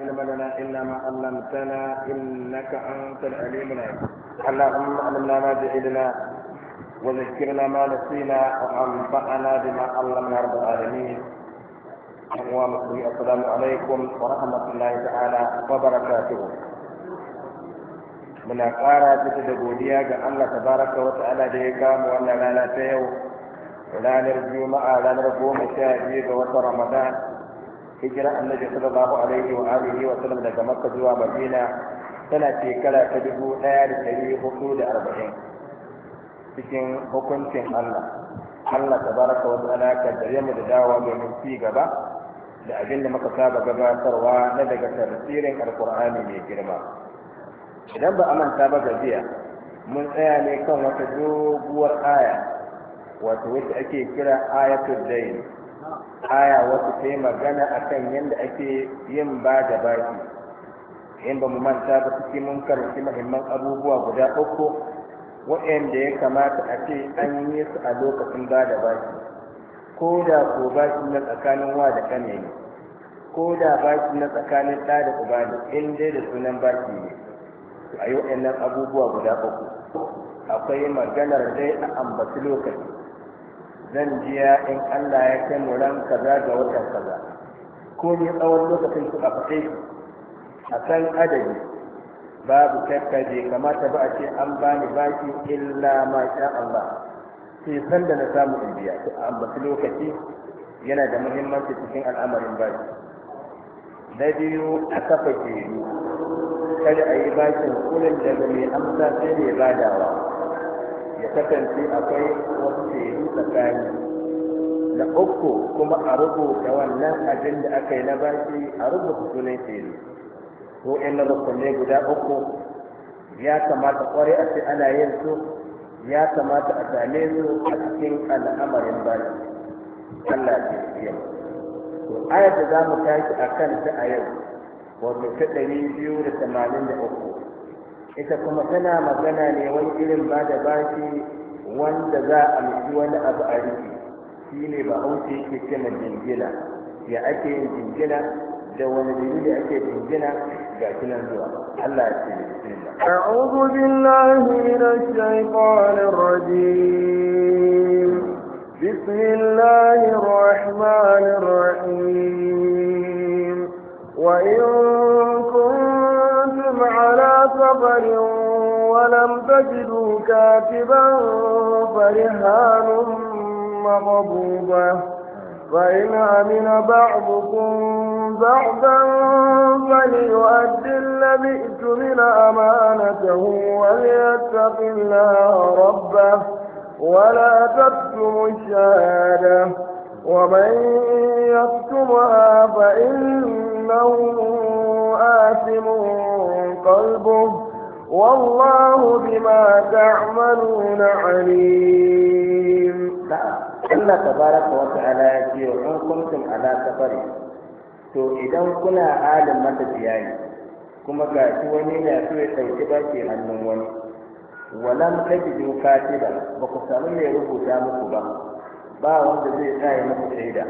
علم لنا إلا ما علمتنا إنك أنت العليم العليم اللهم علمنا ما جعلنا وذكرنا ما نسينا وأنفعنا بما علمنا رب العالمين السلام عليكم ورحمة الله تعالى وبركاته من أقارى fita da godiya ga Allah tabaraka wa ta'ala da ولا نرجو ما rana ta yau ranar رمضان hijira annabi sallallahu alaihi wa alihi wa sallam daga makka zuwa madina tana shekara ta dubu ɗaya da ɗari hudu da arba'in cikin hukuncin allah allah baraka wa ta'ala ka dare mu da dawowa domin ci gaba da abin da muka saba gabatarwa na daga tafsirin alkur'ani mai girma idan ba a manta ba gajiya mun tsaya ne kan wata doguwar aya wato wacce ake kira ayatul dayn aya wasu sai magana a kan yadda ake yin ba da baki in ba mu manta ba suke mun karanci mahimman abubuwa guda uku waɗanda ya kamata a ce an yi su a lokacin ba da baki ko da ko baki na tsakanin wa da kan ne ko da baki na tsakanin ɗa da uba ne in dai da sunan baki ne a yi waɗannan abubuwa guda uku akwai maganar dai a ambaci lokaci zan jiya in Allah ya kai mu ran kaza ga watan kaza ko ni tsawon lokacin suka faɗe shi? a san adadi babu shakka kamata ba a ce an bani baki illa ma sha Allah sai san da na samu in biya to ambaci lokaci yana da muhimmanci cikin al'amarin baki na biyu a kafa jeru kada a yi bakin kulin daga mai amsa sai mai badawa ya kasance akwai wasu shaidu tsakani da uku kuma a rubuta wannan abin da aka yi na baki a rubuta sunan shaidu ko in rukunne guda uku ya kamata kware a ce ana yin su ya kamata a same su a cikin al'amarin baki Allah ya ce to ayar da za mu tashi a kan ta a yau wato ta ɗari biyu da tamanin da uku ita kuma tana magana ne wani irin ba da bashi wanda za a mutu wani abu a riki shi ne ba hausa yake ce ma jingina ya ake yin jingina da wani dalili ake jingina ga kinan zuwa Allah ya ce bismillah a'udhu billahi minash shaitanir rajim bismillahir rahmanir rahim wa in على سفر ولم تجدوا كاتبا فرهان مغضوبة فإن أمن بعضكم بعضا فليؤد الذي ائت من أمانته وليتق الله ربه ولا تكتموا الشهادة ومن يكتمها فإنه آثم قلبه والله بما تعملون عليم Allah tabaraka wa ta'ala ya ce in kuntum ala to idan kuna halin matafiya ne kuma ga shi wani na so ya ɗauki baki hannun wani walam tajidu katiba ba ku samu mai rubuta muku ba ba wanda zai tsaya muku shaida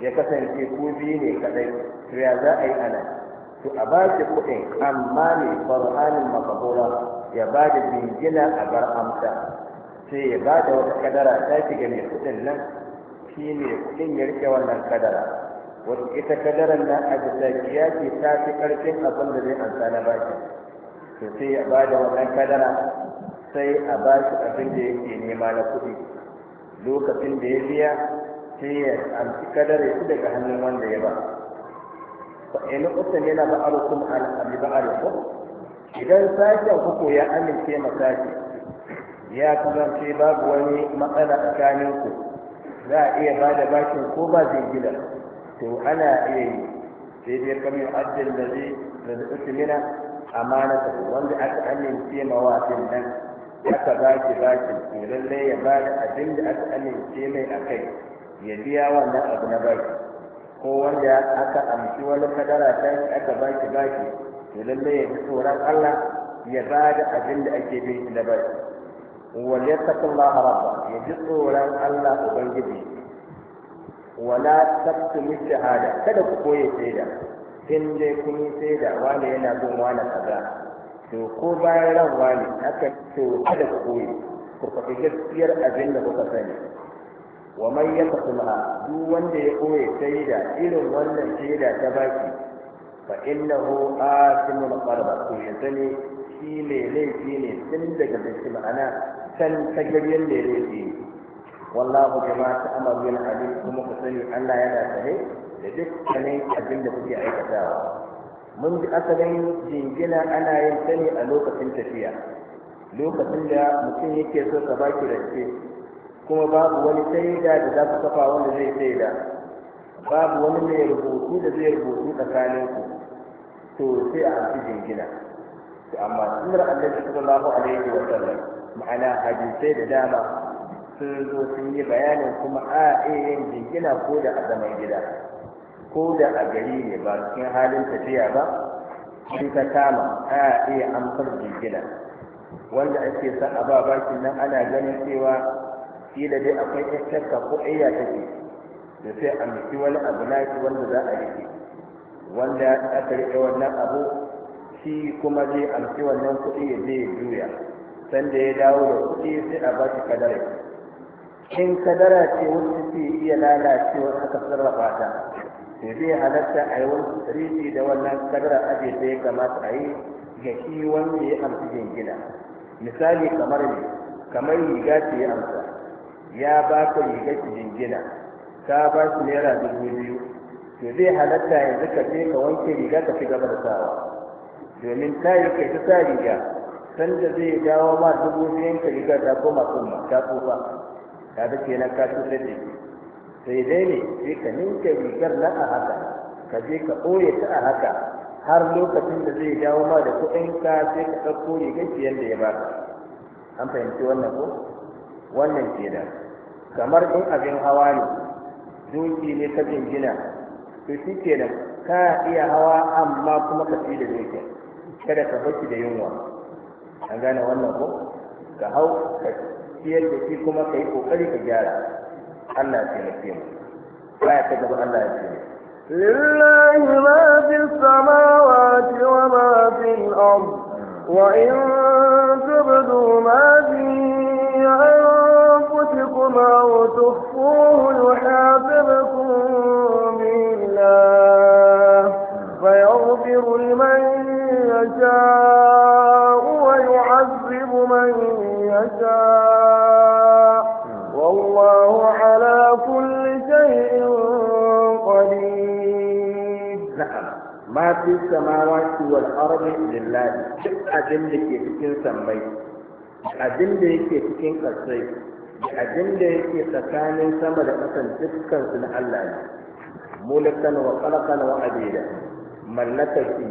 ya kasance ku biyu ne kadai to ya za a yi anan to a ba shi kuɗin amma ne farhanin makabura ya ba da bingina a bar amsa sai ya ba da wata kadara ta shiga mai kuɗin nan shi ne kuɗin ya rike wannan kadara wata ita kadaran na a bisa kiyaki ta fi ƙarfin abin da zai amsa na baki to sai ya ba da wannan kadara sai a ba shi abin da yake nema na kuɗi lokacin da ya biya sai ya amsi kadara ya daga hannun wanda ya ba fa'in usan yana ba'arukum ala abi ba'arukum idan sashen kuku ya amince masashi ya kasance babu wani matsala ku za a iya ba da bashin ko ba gida to ana iya yi sai dai kam yi da zai da zai amana ta wanda aka amince ma wasin nan aka ba shi bashin to lallai ya ba da abin da aka amince mai a kai ya biya wannan abu na bashi ko wanda aka amshi wani kadara ta yi aka ba shi baki to lalle ya fi tsoron Allah ya ba da abin da ake bin shi na baki wal yattaqullaha rabba ya ji tsoron Allah ubangiji wala taqtumu shahada kada ku koye shaida in dai kun yi shaida wani yana bin wani kaza to ko bayan ran wani aka to kada ku koye ku faɗi gaskiyar abin da kuka sani wa man yaqtulha duk wanda ya koye shaida irin wannan shaida ta baki fa innahu asimul qarba ko ya sani shi ne laifi ne tun daga cikin ma'ana san tagaryar da ya laifi wallahu jama'a ta amaru kuma ku sani Allah yana sahi da dukkanin abin da kuke aikatawa mun ji asalin jingina ana yin sani a lokacin tafiya lokacin da mutum yake so ka baki rance kuma babu wani shaida da za ku kafa wanda zai shaida babu wani mai rubutu da zai rubutu tsakanin ku to sai a amfi jingina to amma sunar annabi sallallahu alaihi wa sallam ma'ana hadisai da dama sun zo sun yi bayanin kuma a eh, yin jingina ko da a zaman gida ko da a gari ne ba cikin halin tafiya ba sai ka kama a iya eh, amsar jingina wanda ake san ababakin nan ana ganin cewa kila dai akwai ƴan ko ayya take da sai a miki wani abu na shi wanda za a rike wanda aka rike wannan abu shi kuma zai amshi wannan kuɗi ya je ya juya sanda ya dawo da kuɗi sai a ba shi kadara in kadara ce wanda ce iya lalacewa aka sarrafa ta to zai halatta a yi wani rifi da wannan kadara aje da ya kamata a yi ga shi wanda ya amfi gina misali kamar ne kamar riga ce ya amsa ya ba ka riga ki jingina ka ba su naira dubu biyu to zai halatta yanzu ka je ka wanke riga ka ci gaba da sawa domin ta yi kai ta sa riga sanda zai dawo ma dubu biyan ka riga ta koma kuma ta tsufa ka ga kenan ka cutar da sai dai ne sai ka ninka rigar nan a haka ka je ka ɓoye ta a haka har lokacin da zai dawo ma da kuɗin ka sai ka ɗauko rigar yadda ya baka an fahimci wannan ko wannan da. kamar in abin hawa ne doki ne ka jingina to shi kenan ka iya hawa amma kuma ka fi da doki kada ka baki da yunwa an gane wannan ko ka hau ka ciyar da shi kuma ka yi kokari ka gyara Allah ya taimake mu ya ta gaba Allah ya taimake لله ما في السماوات وما في الأرض وإن تبدوا ما في أو تخفوه يحاسبكم به الله فيغفر لمن يشاء ويعذب من يشاء والله على كل شيء قدير نعم ما في السماوات والأرض لله أدلك في السماء أدلك في السماء abin da yake tsakanin sama da ƙasan dukkan su na Allah ne mulkan wa qalqan wa adida mallakar shi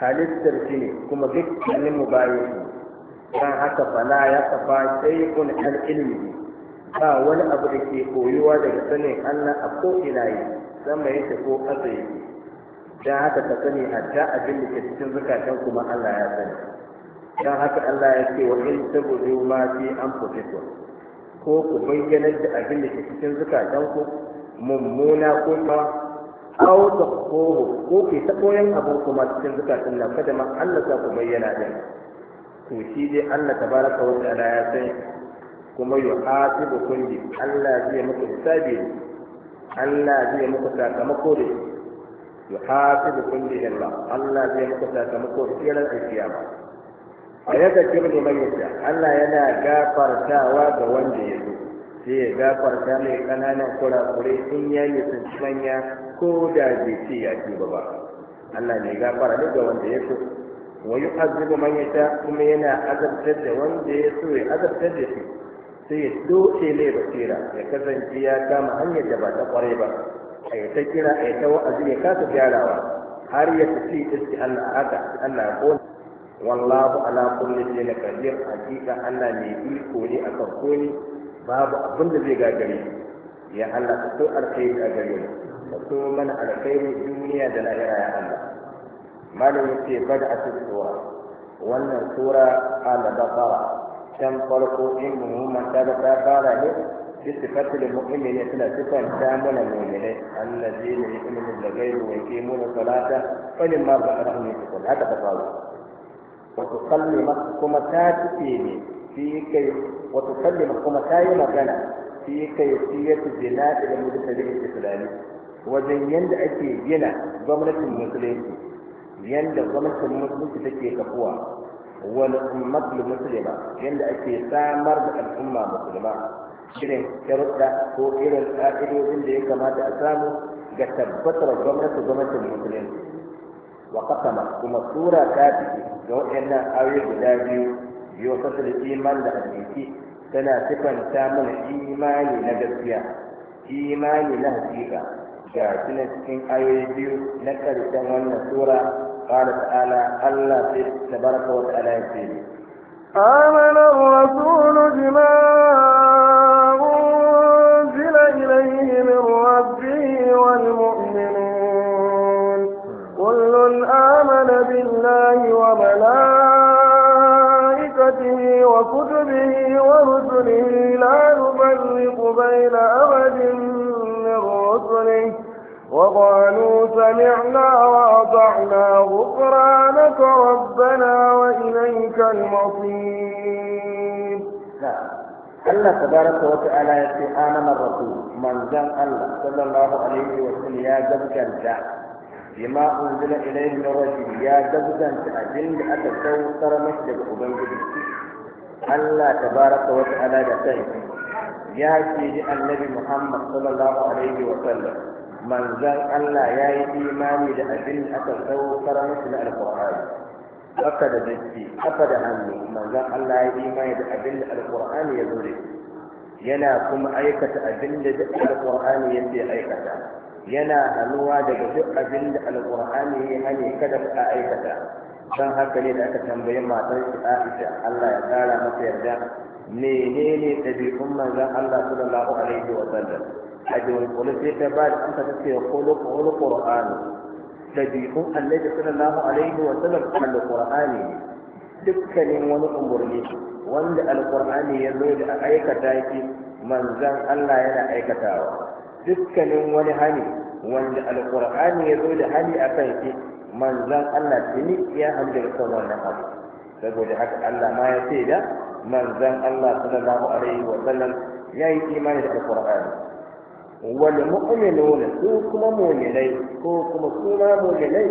halittar shi kuma dukkanin mu bayan shi dan haka Bala ya kafa shay'un al ilmi ba wani abu da ke koyuwa daga sanin Allah a ko ina yi sama yake ko ƙasa yake dan haka ka sani hatta abin da ke cikin zakatan kuma Allah ya sani dan haka Allah ya ce wa in tabu ma fi anfusikum ko ku bayyanar da abin da ke cikin zukatanku mummuna ko ma aw koho ko ke ta koyan abu kuma cikin zukatan nan kada ma Allah za ku bayyana din to shi dai Allah tabaraka wa ta'ala ya san kuma yu yuhasibu kulli Allah zai muku hisabi Allah zai muku sakamako da yuhasibu kulli Allah Allah zai muku sakamako da ranar alkiyama a yadda kirgin mai Allah yana gafartawa ga wanda ya zo sai ya gafarta mai ƙananan kurakure in ya yi manya ko da bai ce ya ce ba ba Allah ne gafara duk ga wanda ya so wa yi azubu man yasha kuma yana azabtar da wanda ya so ya azabtar da shi sai ya doce mai basira ya kasance ya kama hanyar da ba ta kware ba a yi ta kira a yi ta wa'azi ya kasa gyarawa har ya ci iski Allah haka Allah ya kona wallahu ala kulli shay'in qadir hakika Allah ne iko ne a farko ne babu abin da zai gagare ya Allah ka so alkhairi a gare mu ka so mana alkhairi duniya da lahira ya Allah malam yace bada cikin sura wannan sura al-baqara can farko in muhimman ta ta fara ne بصفة المؤمن مثل صفة كاملة مؤمنة الذين يؤمنون بالغيب ويقيمون الصلاة فلما ذكرهم يتقون هذا تفاوت وتكلمت كما تاتيني في كي وتكلمت كما تاي مكانا في كيفية بناء المجتمع wajen yadda ake gina gwamnatin musulunci yadda gwamnatin musulunci take kafuwa wal ummatul muslima yadda ake samar da al'umma musulma irin sharuɗa ko irin ƙa'idodin da ya kamata a samu ga tabbatar gwamnatin gwamnatin musulunci wa kasama kuma sura ta fice ga waɗannan ayoyi guda biyu biyo kasa da iman da hakiki tana sifanta mana imani na gaskiya imani na hakika ga suna cikin ayoyi biyu na karshen wannan sura qala ta'ala Allah sai tabaraka wa ta'ala ya ce آمن الرسول بما بالله وملائكته وكتبه ورسله لا نفرق بين أبد من رسله وقالوا سمعنا وأطعنا غفرانك ربنا وإليك المصير Allah tabaraka wa ta'ala ya ce من rasul الله صلى الله عليه وسلم يا ya gaskata bima unzila ilayhi ya gabzanta abinda da aka saukar mashi daga ubangiji Allah tabaraka wa ta'ala da sai ya ce ji annabi Muhammad sallallahu alaihi wa sallam manzon Allah ya yi imani da abin da aka saukar mashi na alqur'ani haka da dake haka da hannu manzon Allah ya yi imani da ya zo yana kuma aikata abin da ya aikata yana hannuwa daga duk abin da alƙur'ani ya hane kada ka aikata don haka ne da aka tambayi matar shi Aisha Allah ya tsara masa yarda menene ɗabi'un manzon Allah sallallahu alaihi wa sallam a dunkule sai ta ba da amsa ta ce kulukul qur'ani ɗabi'un annabi sallallahu alaihi wa sallam alƙur'ani dukkanin wani umurni wanda alƙur'ani ya zo da aikata shi manzon Allah yana aikatawa dukkanin wani hani wanda alƙur'ani ya zo da hani a kan shi manzan Allah tuni ya hanjar kan wannan abu saboda haka Allah ma ya ce da manzan Allah sallallahu alaihi wa sallam ya yi imani da alƙur'ani wal mu'minuna su kuma mu'minai ko kuma su ma mu'minai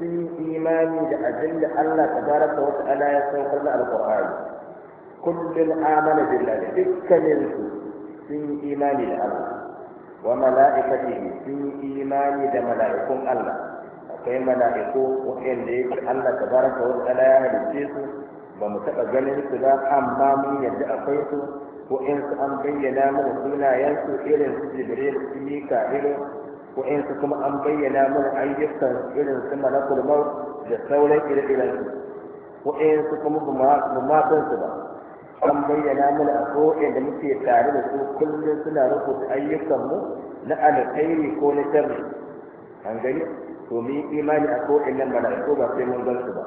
sun yi imani da abin da Allah tabaraka wa ta'ala ya san da alƙur'ani kullun amana billahi dukkanin su sun yi imani da Allah wa mala'ikatihi sun yi imani da mala'ikun Allah akwai mala'iku waɗanda ya yake Allah baraka wa ta'ala ya halicce su ba mu taɓa ganin su ba amma mun yadda akwai su ko in su an bayyana mana sunayen su irin su Jibril su Mika'il ko in su kuma an bayyana mana ayyukan irin su malakul maut da sauran ire-iren su ko in su kuma ba ma su ba an bayyana mana a ko'in da muke tare da su kullum suna rubuta ayyukanmu na alkhairi ko na sharri an gani to mu yi imani a ko'in nan da mala'iku ba sai mun gansu ba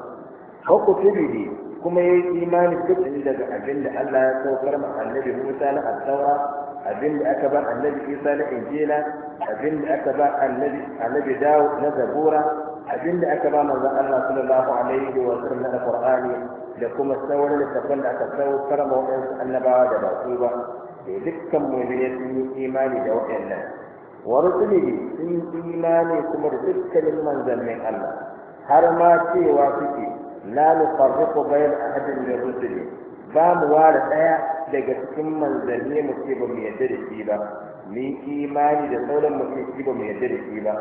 ko ku tubi kuma ya yi imani duk daga abin da Allah ya saukar ma annabi Musa na al-Tawra abin da aka ba annabi isa na injila abin da aka ba annabi annabi dawo na zabura abin da aka ba manzon Allah sallallahu alaihi wa sallam na qur'ani da kuma sauran littafin da aka saukar ma waɗansu annabawa da ba ba da dukkan mu'mini sun yi imani da waɗannan wa rusulihi sun yi imani kuma da dukkanin manzannin Allah har ma cewa suke la nufarriqu bayna ahadin min rusuli ba mu ware ɗaya daga cikin manzanni mu ce ba mu yarda da shi ba mu imani da sauran mu ce shi ba mu yarda da shi ba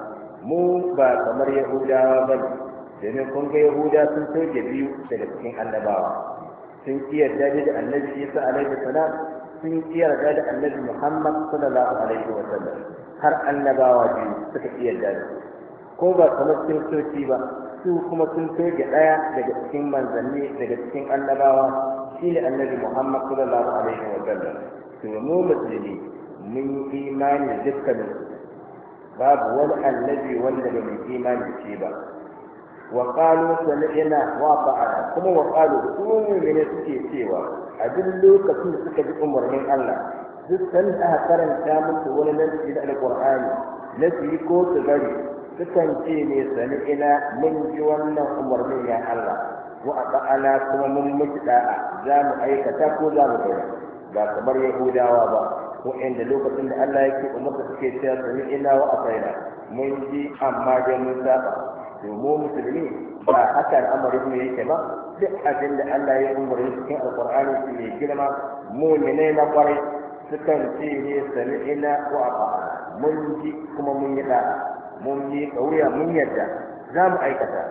mu ba kamar yahudawa ba ne domin kun ga yahuda sun soke biyu daga cikin annabawa sun kiyar daji da annabi isa alaihi salam sun kiyar daji da annabi muhammad sallallahu alaihi wa sallam har annabawa biyu suka kiyar daji ko ba kamar soke ba su kuma sun soke ɗaya daga cikin manzanni daga cikin annabawa shine annabi muhammad sallallahu alaihi wa sallam to mu musulmi mun yi imani dukkan babu wani annabi wanda bai imani shi ba وقالوا سمعنا وطعنا كما وقالوا سوني من سكي سوى أدلوا كثير سكي بأمر من الله جسن أهترن كامل ولا نسي إلى القرآن نسي كوت غري سكن تيني سمعنا من جوانا أمر من يا الله وأطعنا كما من مجداء زام أي كتاكو زام غير لا كبر يهودا وابا وعند لوكة إن الله يكي أمرك سكي سيا سمعنا وأطعنا من جي أما جنون سابا to mu musulmi ba haka al'amarin mu yake ba duk abin da Allah ya umarni cikin alqur'ani su ne girma mu'minai na kwarai sukan ce ne sami'ina wa ata'ana mun ji kuma mun yi da'a mun yi kauya mun yarda za mu aikata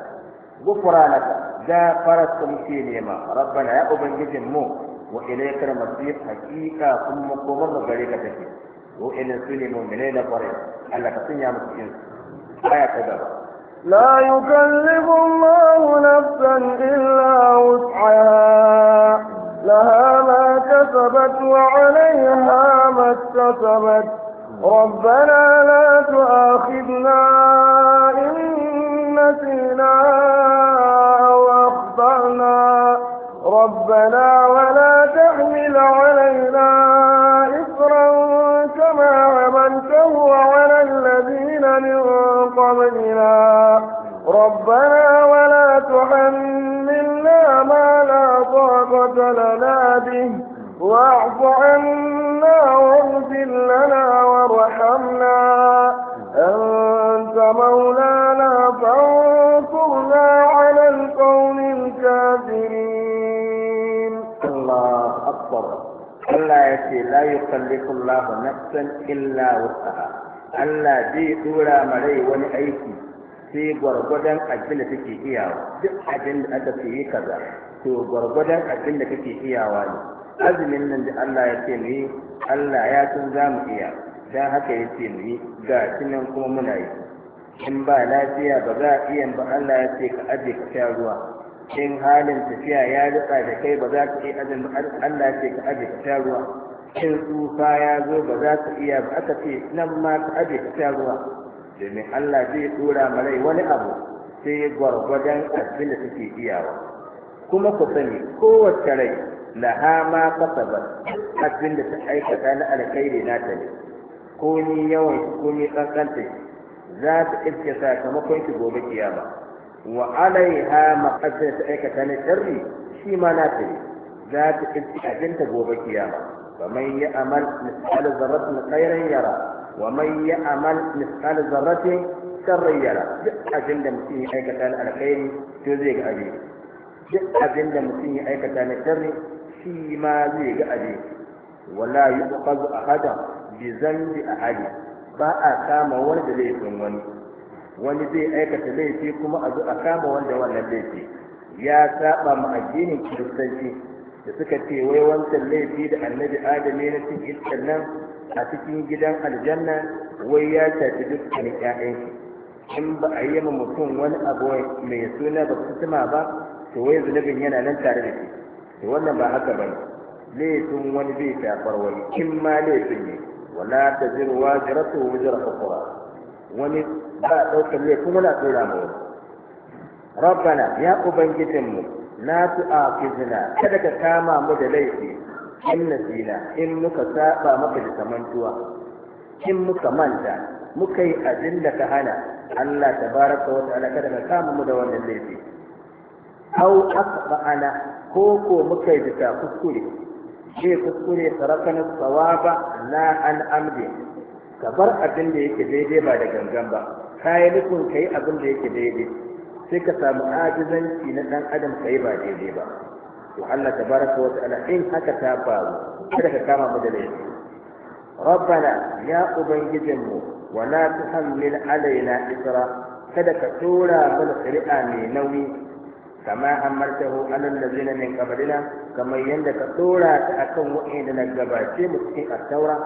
gufranaka gafarar ku muke nema rabbana ya ubangijin mu wa ilaikar masir hakika kuma komar mu gare ka take وإن سلموا من أين قريب ألا تسنى مسكين آية gaba. لا يكلف الله نفسا إلا وسعها لها ما كسبت وعليها ما اكتسبت ربنا لا تؤاخذنا إن نسينا وأخطأنا ربنا ولا تحمل علينا إصرا كما عملته على الذين من قبلنا ربنا ولا تحملنا ما لا طاقة لنا به واعف عنا واغفر لنا وارحمنا أنت مولانا فانصرنا على القوم الكافرين الله أكبر الله يتي لا يكلف الله نفسا إلا وسعها Allah zai dora marai wani aiki sai gwargwadon abin da take iyawa duk abin da aka yi kaza to gwargwadon abin da kake iyawa ne azumin nan da Allah ya ce ni Allah ya san za mu iya dan haka ya ce mu ga shi nan kuma muna yi in ba lafiya ba za a iya ba Allah ya ce ka aje ka sha ruwa in halin tafiya ya rika da kai ba za ka iya azumin Allah ya ce ka aje ka sha ruwa in tsufa ya zo ba za su iya ba aka ce nan ma ta aje ta sha ruwa domin Allah zai dora marai wani abu sai gwargwadon abin da suke iyawa kuma ku sani kowace rai laha ma ba abin da ta aikata na alkhairi na ta ne ko ni yawan shi ko ni kankanta za ta iske sakamakon ki gobe kiyama wa alaiha maqaddar ta aikata na sharri shi ma na ta ne za ta iske abin ta gobe kiyama ومن يعمل مثقال ذرة خيرا يرى ومن يعمل مثقال ذرة شرا يرى duk abin mutum ya aikata na alkhairi to zai ga aje duk abin mutum ya aikata na sharri shi ma zai ga aje wala bi ba a kama wani da laifin wani wani zai aikata laifi kuma a zo a kama wanda wannan laifi ya saba ma addinin kiristanci da suka ce wai wancan laifi da annabi adam ya cin iskar nan a cikin gidan aljanna wai ya shafi dukkan ƴaƴan in ba a yi ma mutum wani abu mai suna ba su ba to wai zunubin yana nan tare da shi to wannan ba haka bane laifin wani bai shafar wani in ma laifin ne wala ta jiru wa jiratu wujra ukhra wani ba a ɗaukar laifin wani a tura ma wani يا ya ubangijinmu Na su a kizina kada ka kama mu da laifi in zina in muka saba maka da samantuwa. in muka manta muka yi abin da ka hana Allah baraka wata ala kada ka kama mu da wannan laifi au ba'ana ko ko muka yi bisa kuskure ce kuskure sarakana sawaba na an amde ka bar abin da yake daidai ba da gangan ba kayi nufin ka yi abin da yake daidai sai ka samu ajizanci na dan adam kai ba daidai ba to Allah tabaraka wa ta'ala in haka ta faru kada ka kama mu da laifi rabbana ya ubangijinmu wa la tuhammil alaina isra kada ka tura mana shari'a mai nauyi kama hamartahu alal ladina min qablina kamar yadda ka tura ta akan wa'inda na gabace mu cikin at-taura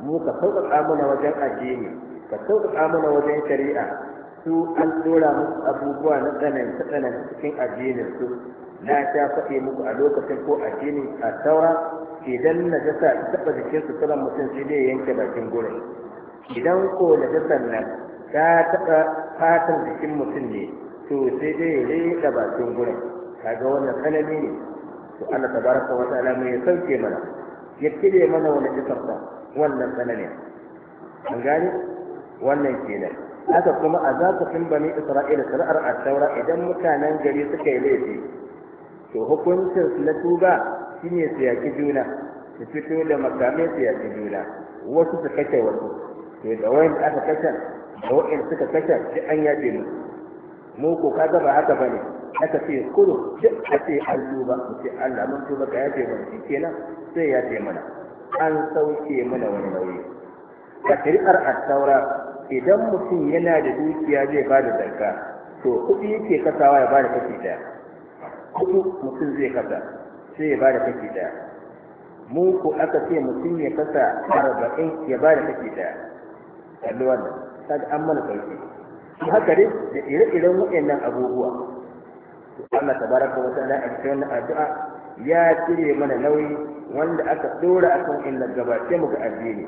mu ka sauƙaƙa mana wajen addini ka sauƙaƙa mana wajen shari'a su an tsora musu abubuwa na tsananta tsananta cikin addinin su na ta faɗe muku a lokacin ko addinin a taura idan na jasa taɓa jikin su tsoron mutum sai dai yanke bakin gurin idan ko na jasa na ta taɓa fatan jikin mutum ne to sai dai ya leƙa bakin gurin kaga wannan tsanani ne to Allah tabaraka wa ta'ala mai sauke mana ya kide mana wani jikarsa wannan tsananin an gane wannan kenan haka kuma a zafafin bani isra'ila sana'ar saura idan mutanen gari suka yi laifi to hukuncin su na tuba shine su yaƙi juna su fito da makamai su yaƙi juna wasu su kashe wasu to da wayan aka kashe da wayan suka kashe shi an yaƙe mu mu ko ka ba haka bane aka ce kudu duk a ce an tuba mu ce Allah mun tuba ka yaƙe mana shi kenan sai yaƙe mana an sauke mana wani nauyi ka shari'ar saura. idan mutum yana da dukiya zai ba da zarka to kuɗi yake kasawa ya ba da kashi ɗaya kuɗi mutum zai kasa sai ya ba da kashi ɗaya mu ko aka ce mutum ya kasa arba'in ya ba da kashi ɗaya kalli wannan kaga an mana sauki haka dai da ire-iren waɗannan abubuwa to Allah tabaraka wa ta'ala a cikin wannan addu'a ya cire mana nauyi wanda aka dora akan illar gabace mu ga addini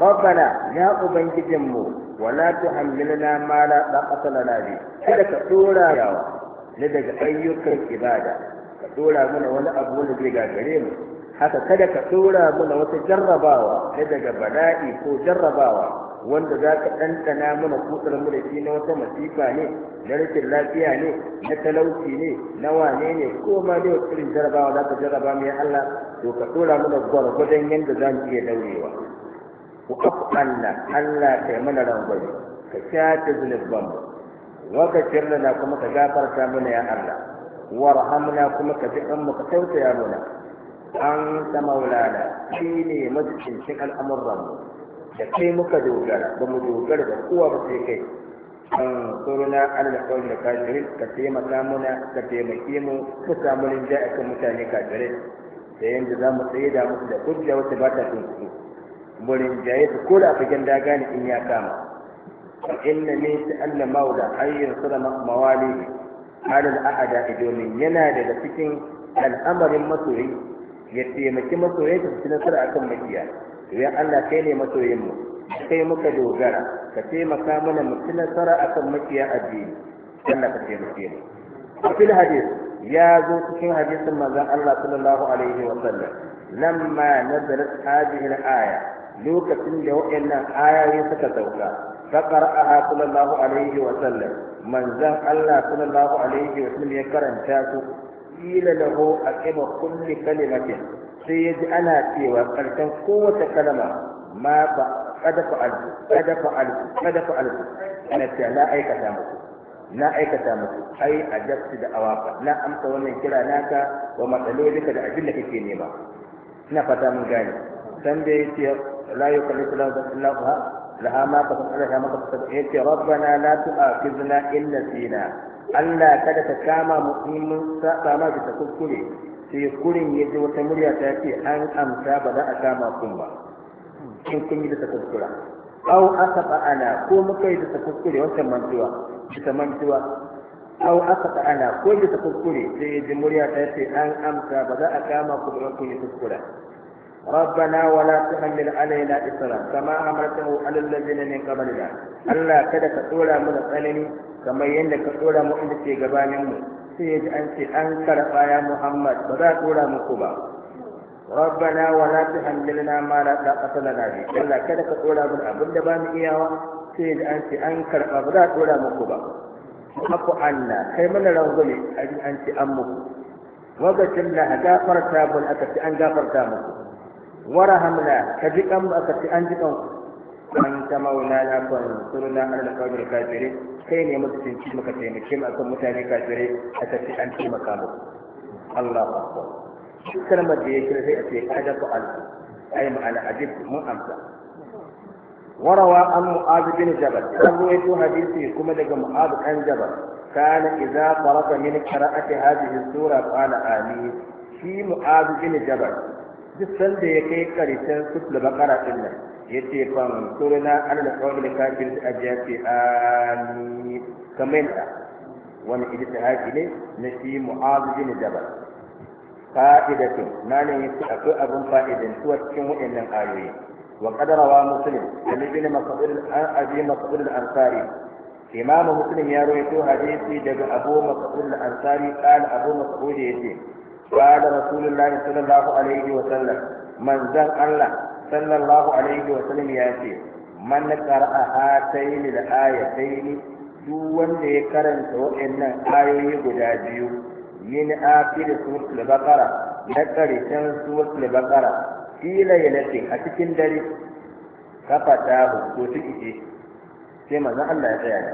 rabbana ya ubangijinmu wala tuhammilna ma la taqata lana bi kada ka dora yawa daga ayyukan ibada ka dora mana wani abu da zai gagare haka kada ka dora mana wata jarrabawa ne daga bala'i ko jarrabawa wanda za ka ɗanɗana mana kutsar mu na wata masifa ne na rashin lafiya ne na talauci ne na wane ko ma dai wata irin jarrabawa za ka jarraba mu ya Allah to ka dora mana gwargwadon yadda za mu iya daurewa ku Allah Allah kai mana rangwaye ka shafe zunuban mu wa ka na kuma ka gafarta mana ya Allah warhamna kuma ka ji mu ka ya mana an ta maulana shi ne shi al'amuran mu da kai muka dogara ba mu dogara da kowa ba sai kai an tsorona Allah kawai da kafirin ka taimaka mana ka taimake mu ka samu linja a kan mutane kafirin da yanda za mu tsaye da musu da hujja wata ba ta murin jaye su ko da fagen daga ne in ya kama inna ne ta anna maula hanyar sura mawali halin a'ada domin yana daga cikin al'amarin masoyi ya taimaki masoyi ta fi nasara akan makiya ya Allah kai ne masoyin mu kai muka dogara ka taimaka mana mu ci nasara akan makiya addini Allah ka taimake mu a fil hadith ya zo cikin hadisin manzon Allah sallallahu alaihi wa sallam lamma nazalat hadhihi al-aya lokacin da waɗannan ayoyi suka sauka فقرأها صلى الله عليه وسلم wa زن الله صلى الله عليه وسلم يكرن تاسو قيل له أكب كل كلمة سيد أنا سوى قلتن قوة كلمة ما قد فعلت قد فعلت قد فعلت أنا na aikata musu ai a jabti da awaka na amsa wannan kira naka wa ka da abin da kake nema ina fata mun gane san da yake لا يكلف الله لها ما كسبت عليها ما كسبت ربنا لا تؤاخذنا إن نسينا Allah kada ka kama mu'minin saba ma bisa kuskure sai kurin ya ji wata murya ta ce an amsa ba za a kama kun ba in kun yi da ta kuskura au aka ba'ana ko muka yi da ta kuskure wancan mantuwa bisa mantuwa au aka ba'ana da sai murya ta ce an amsa ba za a kama ba kun yi ربنا ولا تحمل علينا إسرا كما أمرته على الذين من قبلنا ألا كذا كتولا من الثاني كما يند كتولا مؤمن في جبانهم سيد أنت أنكر يا محمد فلا تولا مكوبا ربنا ولا تحملنا ما لا طاقة لنا به ألا كذا كتولا من أبن دبان إياه سيد أنت أنكر فلا تولا مكوبا Haku Allah, kai mana rangwale a an ci وقت muku, lokacin da gafarta mun aka ci warhamna ka ji kan ka ci an ji kan an ta maulana kan suruna alal kawai kafirai kai ne muka cinci muka taimake a kan mutane kafirai a tafi an taimaka mu Allah akbar shi kalmar da ya sai a ce kada ku al ai ma'ana ajib mun amsa وروى عن معاذ بن جبل رويت حديثه كما دغ معاذ بن جبل كان اذا فرغ من قراءه هذه السوره قال امين في معاذ بن جبل duk sanda ya kai karshen sufla bakara din nan yace fan surna alal qawmi kafir ajati ani kamar wani ta ijtihadi ne na shi mu'adh bin jabal fa'idatu malan yace akwai abun fa'idan tuwa cikin waɗannan ayoyi wa qad rawa muslim an ibn mas'ud an abi mas'ud al-ansari imamu muslim ya rawaito hadisi daga abu mas'ud al-ansari qala abu mas'ud yace قال رسول الله صلى الله عليه وسلم من زن الله صلى الله عليه وسلم ياتي من قرأ هاتين الآيتين duk wanda ya karanta waɗannan ayoyi guda biyu min akhir suratul baqara na karshen suratul baqara fi a cikin dare kafata ko tikice sai manzo Allah ya tsaya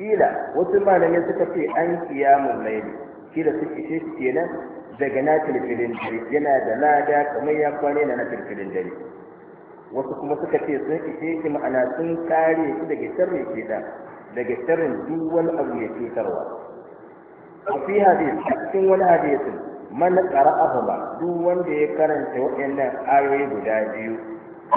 kila wasu malamai suka ce an kiyamun laili kila tikice kenan daga na filfilin dare yana da lada kamar ya kwane na na filfilin dare wasu kuma suka ce sun ishe shi ma'ana sun kare shi daga sharrin shaitan daga sharrin duk wani abu ya cutarwa a fi hadis cikin wani hadisin man qara'ahu ba duk wanda ya karanta waɗannan ayoyi guda biyu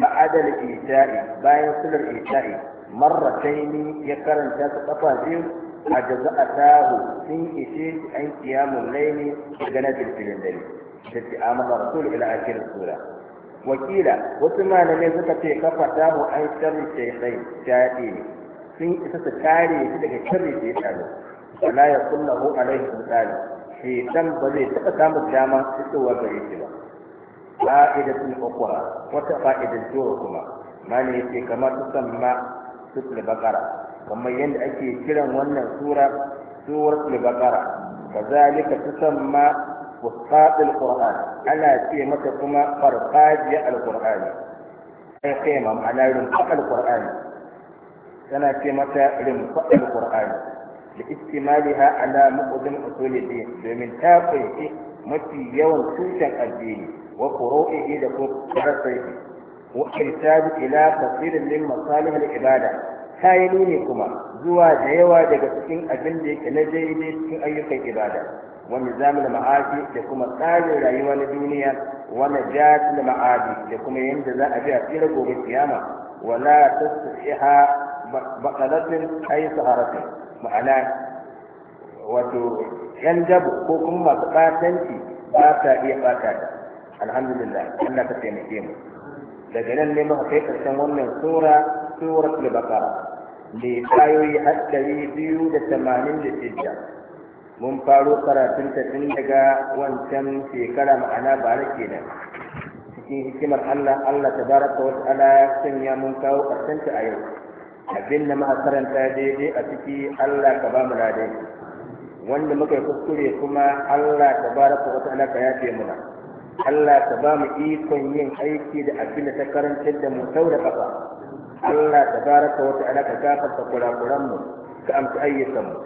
ba adal ita'i bayan sular itai marasaini, ya karanta su kafa biyu a jaza a tahu sun ishe shi an kiyamun laini daga na filfilin dare da ce amana rasul ila akhir sura wakila wasu malamai suka ce kafa tahu an sharri shaykhai shayaɗi ne sun isa su kare shi daga sharri shaykhai wala ya kullahu alaihi sultani shaytan ba zai taɓa samun dama fitowa gare shi ba fa'idatul ukra wata fa'idatul kuma mali yake kamar tusamma tutul baqara kamar yadda ake kiran wannan sura suratul baqara kazalika tusamma al qur'an ana ce mata kuma farfajiya alqur'ani ai kai ma ma'ana al alqur'ani tana ce mata rumfa alqur'ani da istimaliha ala muqaddam usulid domin ta kunshi mafi yawan tushen addini wa furu'ihi da kuma rasaihi wa irtadu ila kasirin min masalih al-ibada ta yi nuni kuma zuwa da yawa daga cikin abin da yake na daidai cikin ayyukan ibada wa nizamul ma'ashi da kuma tsarin rayuwa na duniya wa najatul ma'adi da kuma yadda za a biya a tsira gobe kiyama wa la tasfiha baqalatin ay saharatin ma'ana wato yan dabu ko kuma masu batanci ba ta iya bata ta alhamdulillah Allah ta taimake mu daga nan ne muka kai karshen wannan sura suratul baqara ne ayoyi har ɗari biyu da tamanin da shidda mun faro karatun ta tun daga wancan shekara ma'ana bara kenan cikin hikimar Allah Allah ta baraka wa ta'ala ya sanya mun kawo ƙarshen ta a yau abin da muka karanta daidai a ciki Allah ka ba mu ladai wanda muka yi kuskure kuma Allah ta baraka wa ta'ala ka yafe muna Allah ta ba mu ikon yin aiki da abin da ta karantar da mu sau da ƙafa Allah ta baraka wata ala ka gafarta mu ka amsa ayyukanmu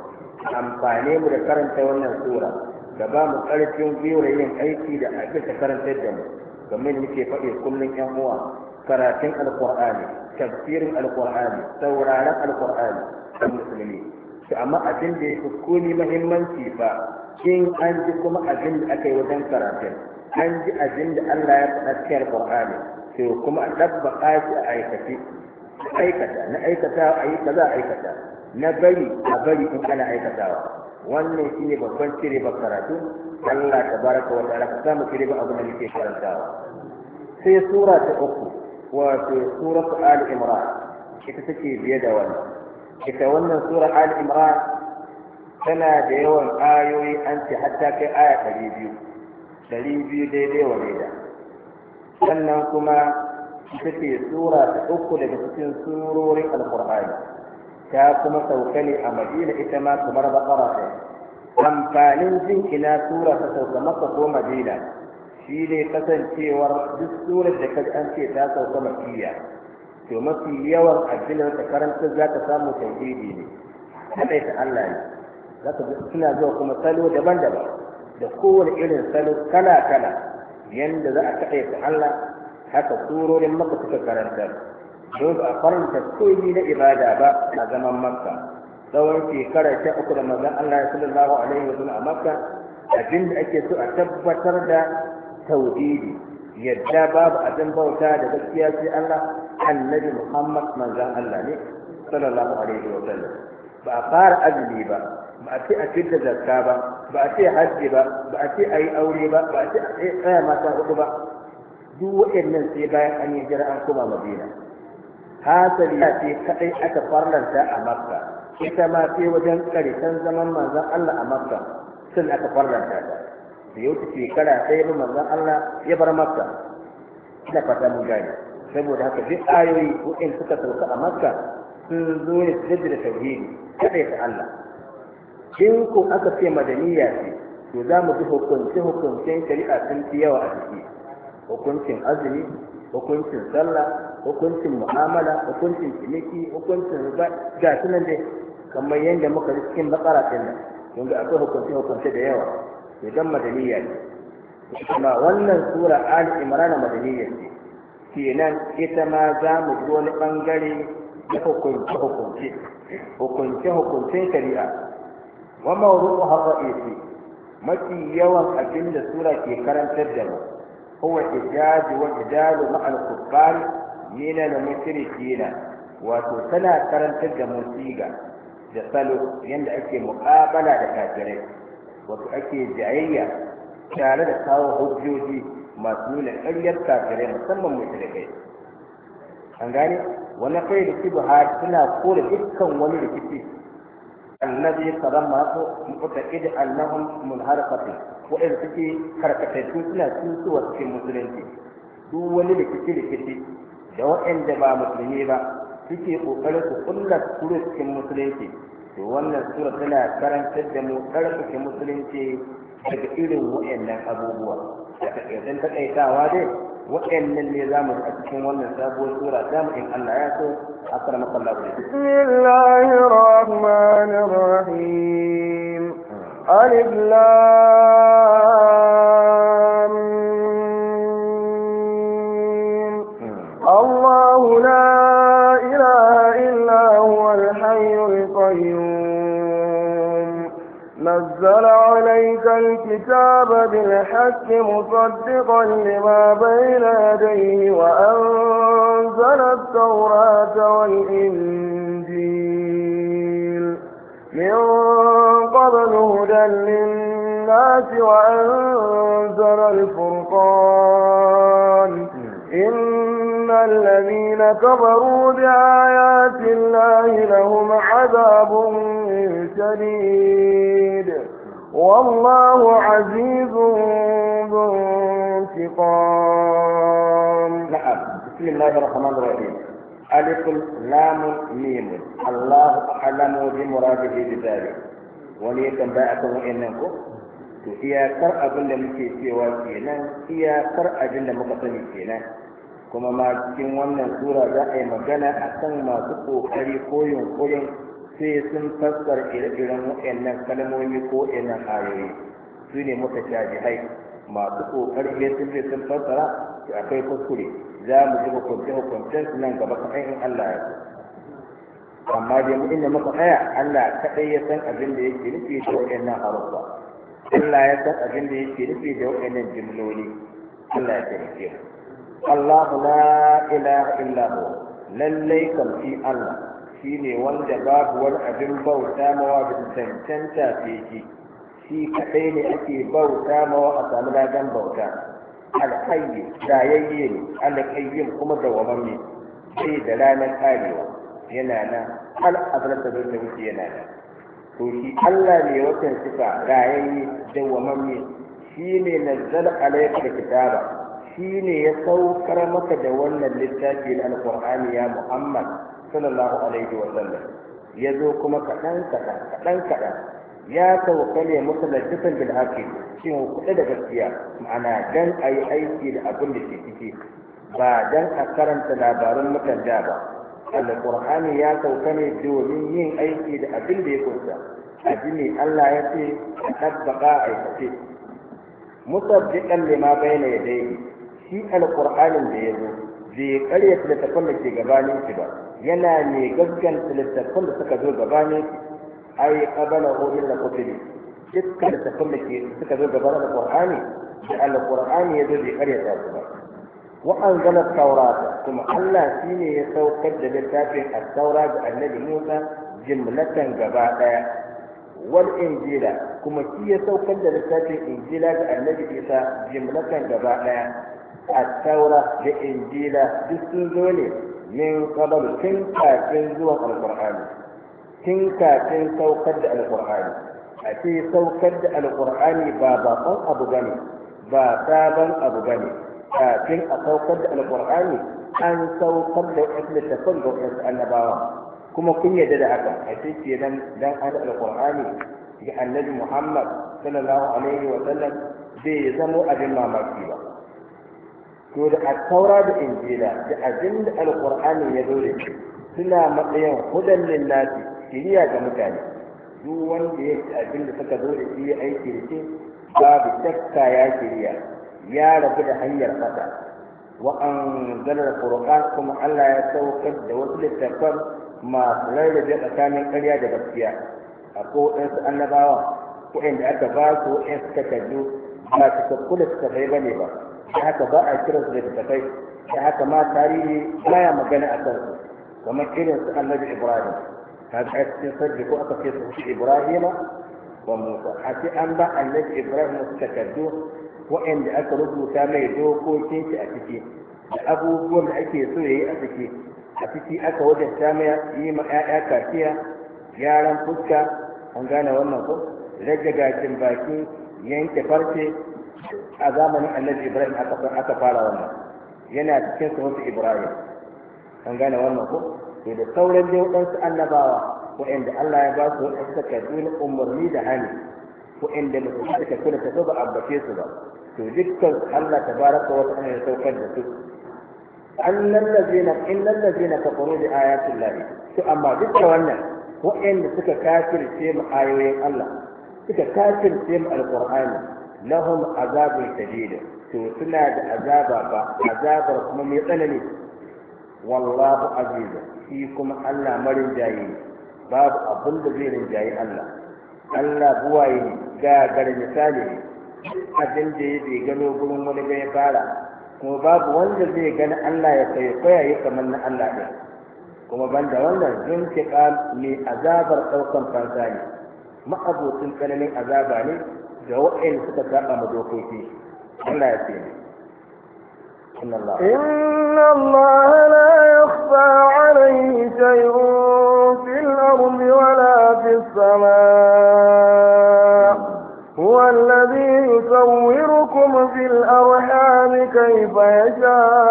amfane mu da karanta wannan sura da ba mu ƙarfin gwiwar yin aiki da ake ta karantar da mu kamar muke faɗi kullum yan uwa karatun alƙur'ani tafsirin alƙur'ani sauraron alƙur'ani da musulmi to amma abin da ya fi komi muhimmanci ba kin an ji kuma abin da aka yi wajen karatun an ji abin da Allah ya faɗa cikin alƙur'ani to kuma a ɗabbaƙa shi a aikace aikata na aikata a yi kaza aikata na bari a bari in ana aikatawa wannan shi ne babban cire ba karatu Allah ta baraka wa ta'ala ka samu cire ba abin da yake karantawa sai sura ta uku wato sura ta Ali Imran ita take biye da wannan ita wannan sura Ali Imran tana da yawan ayoyi an ce hatta kai aya ɗari biyu ɗari biyu daidai wa daidai sannan kuma ita ce sura ta uku daga cikin surorin alkur'ani ta kuma sauka ne a madina ita ma kamar bakara ta amfanin jin ina sura ta sauka maka ko madina shi ne kasancewar duk surar da kaji an ce ta sauka makiya to mafi yawan addinin ta karanta za ka samu tauhidi ne kadai ta Allah ne za ka suna zuwa kuma salo daban-daban da kowane irin salo kala-kala yanda za a kaɗai Allah haka surorin maka suka karanta don ba a faranta koyi na ibada ba a zaman makka tsawon shekara ta uku da manzon Allah ya sallallahu alaihi wa sallam a makka abin da ake so a tabbatar da tauhidi yadda babu abin bauta da gaskiya sai Allah annabi Muhammad manzon Allah ne sallallahu alaihi wa sallam ba a fara azumi ba ba a ce a fidda zakka ba ba a ce hajji ba ba a ce a yi aure ba ba a ce a tsaya mata hudu ba duk waɗannan sai bayan an yi jira an kuma madina hasali ya ce kaɗai aka farlanta a makka ita ma sai wajen ƙarshen zaman manzon Allah a makka sun aka farlanta ta da yau shekara sai ba manzon Allah ya bar makka ina fata mun gane saboda haka duk ayoyi waɗanda suka sauka a makka sun zo ne su jaddada tauhidi kaɗai ta Allah in ko aka ce madaniya ce to za mu ji hukuncin-hukuncin shari'a sun fi yawa a jiki. hukuncin azumi hukuncin sallah hukuncin mu'amala hukuncin ciniki hukuncin riba ga nan dai kamar yadda muka ji cikin bakara din nan kun ga akwai hukunce hukunce da yawa idan madaniya ne kuma wannan sura ali imran madaniya ce kenan ita ma za mu ji wani bangare na hukunce hukunce hukunce hukuncen shari'a wa mawru'uha ra'isi mafi yawan abin da sura ke karantar da mu هو إجاز وإجال مع الكفار من المشركين da كرنت الموسيقى دخلوا يند أكي مقابلة لكاترين وتأكي جعية tare da kawo hujjoji masu nuna ƙaryar kafirai musamman mushrikai an gane wannan kai da kibu har suna kore dukkan wani rikici الذي تضمنته متأكد أنهم منحرفة وإذا تجي حركتين suna سنة cikin musulunci. duk wani likiti-likiti da waɗanda ba musulmi ba suke ƙoƙarin su kulla sura cikin musulunci to wannan sura tana karantar da mu ƙarfafa musulunci daga irin waɗannan abubuwa daga ƙirƙirin taƙaitawa dai waɗannan ne za mu a cikin wannan sabuwar sura ta mu in Allah ya so akara masallah ne bismillahir rahmanir rahim alif lam نزل عليك الكتاب بالحق مصدقا لما بين يديه وأنزل التوراة والإنجيل من قبل هدى للناس وأنزل الفرقان إن الذين كفروا بآيات الله لهم عذاب شديد والله عزيز ذو انتقام نعم بسم الله الرحمن الرحيم ألف لام ميم الله أعلم بمراده بذلك وليكن باءكم إنكم to kar abin da muke cewa kenan iyakar abin da muka sani kenan kuma ma cikin wannan sura za a yi magana akan masu ƙoƙari ko sai sun fassar ire-iren waɗannan kalmomi ko irin ayoyi su ne muka hai masu ƙoƙarin ne sun fi sun fassara da akwai kuskure za mu ji hukunce hukuncen su nan gaba kaɗan in Allah ya so amma dai mu inda muka tsaya Allah kaɗai ya san abin da yake nufi da waɗannan harufa. Allah ya san abin da yake nufi da waɗannan jimloli Allah ya taimake mu Allah la ilaha illa lallai kamfi Allah ne wanda babu wani abin bauta mawa da cancanta sai shi shi kadai ne ake bauta mawa a sami ladan bauta alƙayyi rayayye ne alƙayyin kuma dawamamme sai da ranar karewa yana nan har azrata da wuce yana nan to shi Allah ne watan sifa rayayye dawamamme shi ne nazzal alaikar kitaba shi ne ya saukar maka da wannan littafi na alƙur'ani ya muhammad sallallahu alaihi wa sallam ya zo kuma kaɗan kaɗan kaɗan kaɗan ya sauka ne da lajisan bil haƙi shin kuɗi da gaskiya ma'ana dan a yi aiki da abin da ke ciki ba dan a karanta labarin mutan da ba alƙur'ani ya sauka ne domin yin aiki da abin da ya kunsa a ne Allah ya ce a ɗabbaƙa aikace musabbiqan lima bayna yadayhi shi alqur'anin da yazo bai karyata da tafan da ke gabanin shi ba yana mai gaskanta littattafan da suka zo gaba gabani ai qabala hu illa kutubi dukkan littattafan da ke suka zo gaba da qur'ani da alqur'ani ya zo bai karyata su ba wa anzala tawrata kuma Allah shine ya saukar da littafin at-taura ga annabi Musa jimlatan gaba daya wal injila kuma shi ya saukar da littafin injila ga annabi Isa jimlatan gaba daya at-taura da injila duk sun zo ne min qabl tun kafin zuwa alqur'ani tun kafin saukar da alqur'ani a ce saukar da alqur'ani ba bakon abu gane ba sabon abu gane kafin a saukar da alqur'ani an saukar da wasu littafan da wasu annabawa kuma kun yarda da haka a ce ke nan dan an alqur'ani ga annabi muhammad sallallahu alaihi wa sallam bai zama abin mamaki ba to da taura da injila da abin da alqur'ani ya dole suna matsayin hudan lillafi nasi shiriya ga mutane duk wanda ya ci abin da suka zo da shi ya aiki da shi babu shakka ya shirya, ya rabu da hanyar fata wa anzalar qur'an kuma Allah ya saukar da wasu littattafan masu rarrabe tsakanin ƙarya da gaskiya akwai waɗansu annabawa waɗanda aka ba su suka takardu ba su kakkula suka bai ne ba da haka ba a kiran su da tafai da haka ma tarihi Ba ya magana a kan su kamar kiran su annabi ibrahim ta ga cikin sarki ko aka ce su ibrahim wa musa a ce an ba annabi ibrahim wasu takardu wa'anda aka rubuta mai dokokin shi a ciki da abubuwan da ake so yayi yi a ciki a ciki aka wajenta mai yi ma 'ya'ya kafiya gyaran fuska an gane wannan ko rage gashin baki yanke farce a zamanin annabi ibrahim aka fara wannan yana cikin sunansa ibrahim an gane wannan ko sai da sauran dai waɗansu annabawa waɗanda allah ya ba su waɗansu takardu na umarni da hani waɗanda mutum suka kula ta zo ba ambace su ba to dukkan allah ta baraka wata ana ya saukar da su annan lazina innan lazina kafaru da ayatin lahi to amma dukkan wannan waɗanda suka kafirce mu ayoyin allah suka kafirce mu alƙur'ani lahum azabun shadid to suna da azaba ba azabar kuma mai tsanani wallahu aziz shi kuma Allah marin jayi babu abin da zai rinjayi Allah Allah buwaye ne gagar misali ne abin da ya bai gano gurin wani ya fara kuma babu wanda zai gani Allah ya kai koya ya kamar na Allah ne kuma banda wannan zintiƙa ne azabar ɗaukan fansa ne ma'abocin tsananin azaba ne ga waɗanda suka saba ma dokoki Allah ya ce إن الله, إن الله لا يخفى عليه شيء في الأرض ولا في السماء هو الذي يصوركم في الأرحام كيف يشاء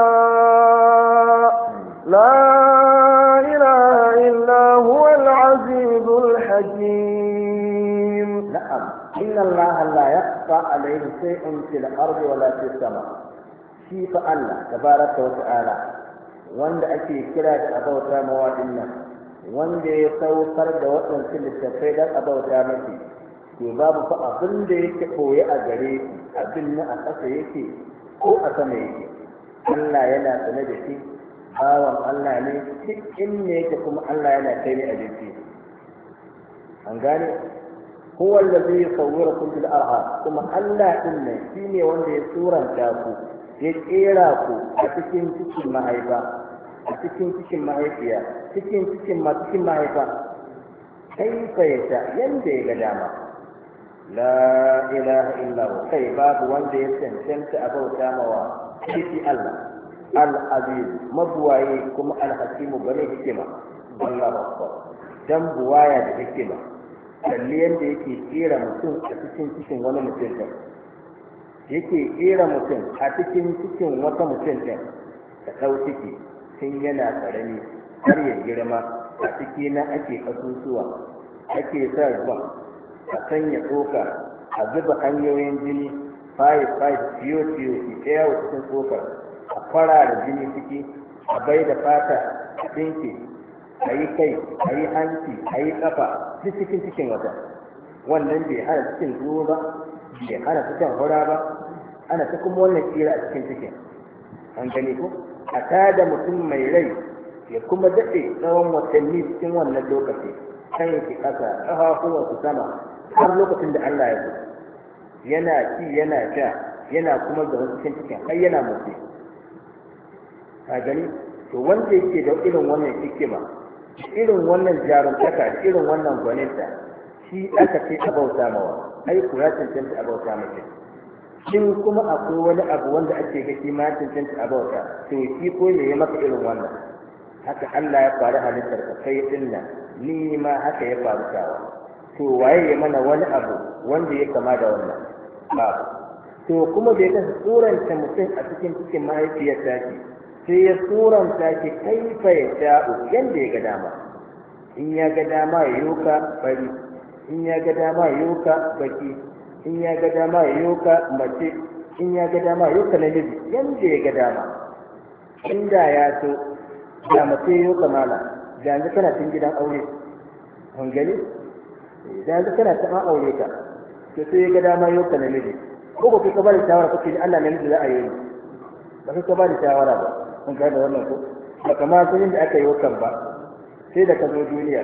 in شيء في الأرض ولا في sama. shi fa Allah ta wa ta'ala wanda ake kira da abauta mawadin nan wanda ya saukar da waɗansu littattafai don abauta mafi to babu fa abin da yake koyi a gare shi abin na a ƙasa yake ko a sama yake Allah yana sane da shi bawan Allah ne cikin ne yake kuma Allah yana kai ne a jiki an gane huwa allazi yusawwirukum fil arham kuma Allah din ne shine wanda ya suranta ku ya kera ku a cikin cikin mahaifa a cikin cikin mahaifiya cikin ya ga dama la ilaha illa hu babu wanda ya cancanta a bauta mawa shi Allah al-aziz kuma al-hakimu bane hikima Allah akbar da hikima kalli yadda yake tsira mutum a cikin cikin wani mutum ɗin yake tsira mutum a cikin cikin wata mutum ɗin da ɗau ciki sun yana ƙarami har ya girma a ciki na ake ƙasusuwa ake sa ruwa a sanya tsoka a zuba hanyoyin jini fayi fayi ciyo ciyo ki tsaya wa cikin tsokar a fara da jini ciki a bai da fata a ɗinke a yi kai a yi hanci a yi ƙafa duk cikin cikin wata wannan bai hana cikin zuwa ba bai hana cikin hura ba ana ta kuma wannan tsira a cikin cikin an gani ko a tada mutum mai rai ya kuma daɗe tsawon watanni cikin wannan lokaci kan yake ƙasa ƙafafuwan su sama har lokacin da Allah ya zo yana ci yana sha yana kuma zaune cikin cikin har yana mutu a gani to wanda yake da irin wannan hikima irin wannan jarumtaka irin wannan gwaninta shi aka ce a bauta mawa ai ku ya cancanta a bauta mace shin kuma akwai wani abu wanda ake ga shi ma cancanta a bauta to shi ko ne ya maka irin wannan haka Allah ya faru halittar ka kai din nan ni ma haka ya faru tawa to waye ya mana wani abu wanda ya kama da wannan babu to kuma bai ya kasa tsoranta mutum a cikin cikin mahaifiyar tashi sai ya suranta ki kaifa ya sha'u yadda ya ga dama in ya ga dama ya yoka bari in ya ga dama ya yoka baki in ya ga dama ya yoka mace in ya ga dama ya yoka namiji yadda ya ga dama inda ya so da mace ya yoka mala da yanzu kana cin gidan aure kun gani da yanzu kana ta an aure ka to sai ya ga dama ya yoka namiji ko ba ku ka da shawara kuke da Allah namiji za a yi ba ku ka da shawara ba kun kai da wannan ko ba kama sun da aka yi wakan ba sai da ka zo duniya.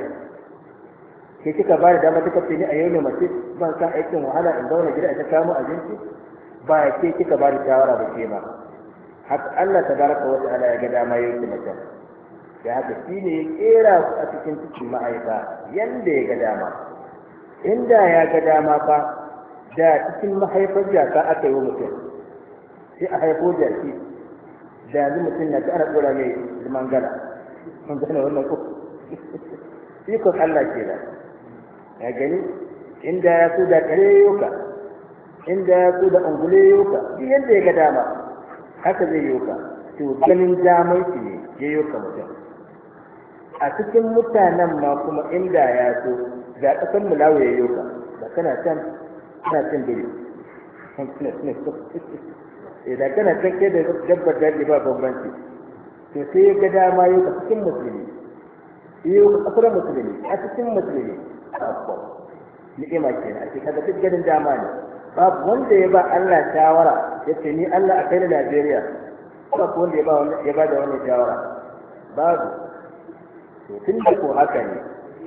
ke kika ba da dama kika fini ni a yau ne mace ban san aikin wahala in zauna gida ta kamo abinci ba ke kika ba da shawara ba ke ba haka Allah baraka wa ala ya ga dama yau ki mace da haka shi ne ya kera a cikin cikin ma'aika yanda ya ga dama inda ya ga dama fa da cikin mahaifar jaka aka yi wa mutum sai a haifo jaki da yanzu mutum na ƙara ƙura mai zaman gana mun gane wannan ko ikon Allah ke da ya gani inda ya so da kare yoka inda ya so da ungule yoka duk yadda ya ga dama haka zai yoka to ganin damar shi ne ya yoka mutum a cikin mutanen ma kuma inda ya so da ƙasar mulawa ya yoka da kana can kana can dole idan kana cike da dabbar daji ba bambanci to sai ya ga dama yau ka cikin musulmi yau ka kasar musulmi a cikin musulmi ni'ima ke a cikin duk gadin dama ne babu wanda ya ba Allah shawara ya ce ni Allah a kai na Najeriya babu wanda ya ba da wannan shawara babu to tun da ko haka ne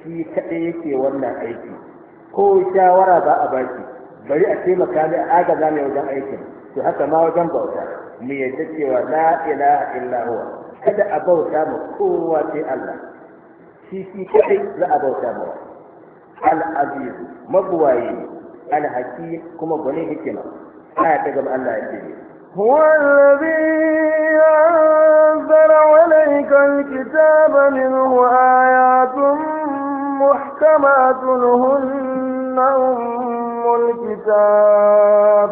shi kaɗai yake wannan aiki ko shawara ba a baki bari a taimaka mai agaza mai wajen aikin to haka ma wajen bauta mu yadda cewa la ilaha illa huwa kada a bauta mu kowa sai Allah shi shi kai za a bauta mu al-aziz magwaye al-hakim kuma gwanin hikima aya ta gaba Allah ya ce هو الذي أنزل عليك الكتاب منه آيات محكمات هن أم الكتاب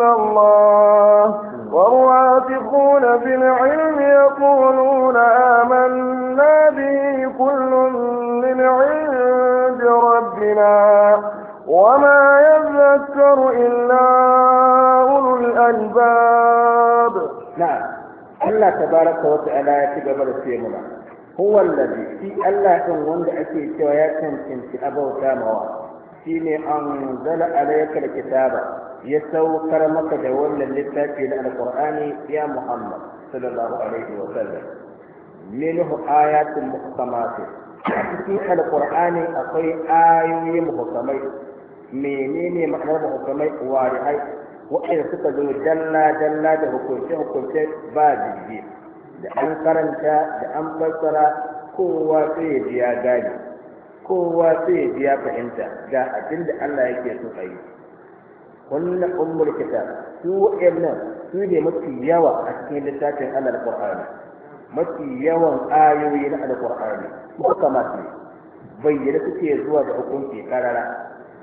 إلا الله والراسخون في العلم يقولون آمنا به كل من عند ربنا وما يذكر إلا أولو الألباب نعم الله تبارك وتعالى يتقبل السيمنا هو الذي في الله إن وند أكي سوايا كنت أبو تاموا shine أنزل عليك الكتاب ya saukar maka da wannan littafi na alqur'ani ya muhammad sallallahu alaihi wa sallam minhu ayatun muhkamat a cikin alqur'ani akwai ayoyi muhkamai menene ma'anar muhkamai wari'ai waɗanda suka zo dalla dalla da hukunce hukunce ba jirgi da an karanta da an fassara kowa sai ya ji ya gane kowa sai ya ji ya fahimta ga abin da Allah yake so a yi wannan ummul kitab su wa'annan su ne mafi yawa a cikin littafin Allah al-Qur'ani mafi yawan ayoyi na al-Qur'ani suka mafi bayyana suke zuwa da hukunci karara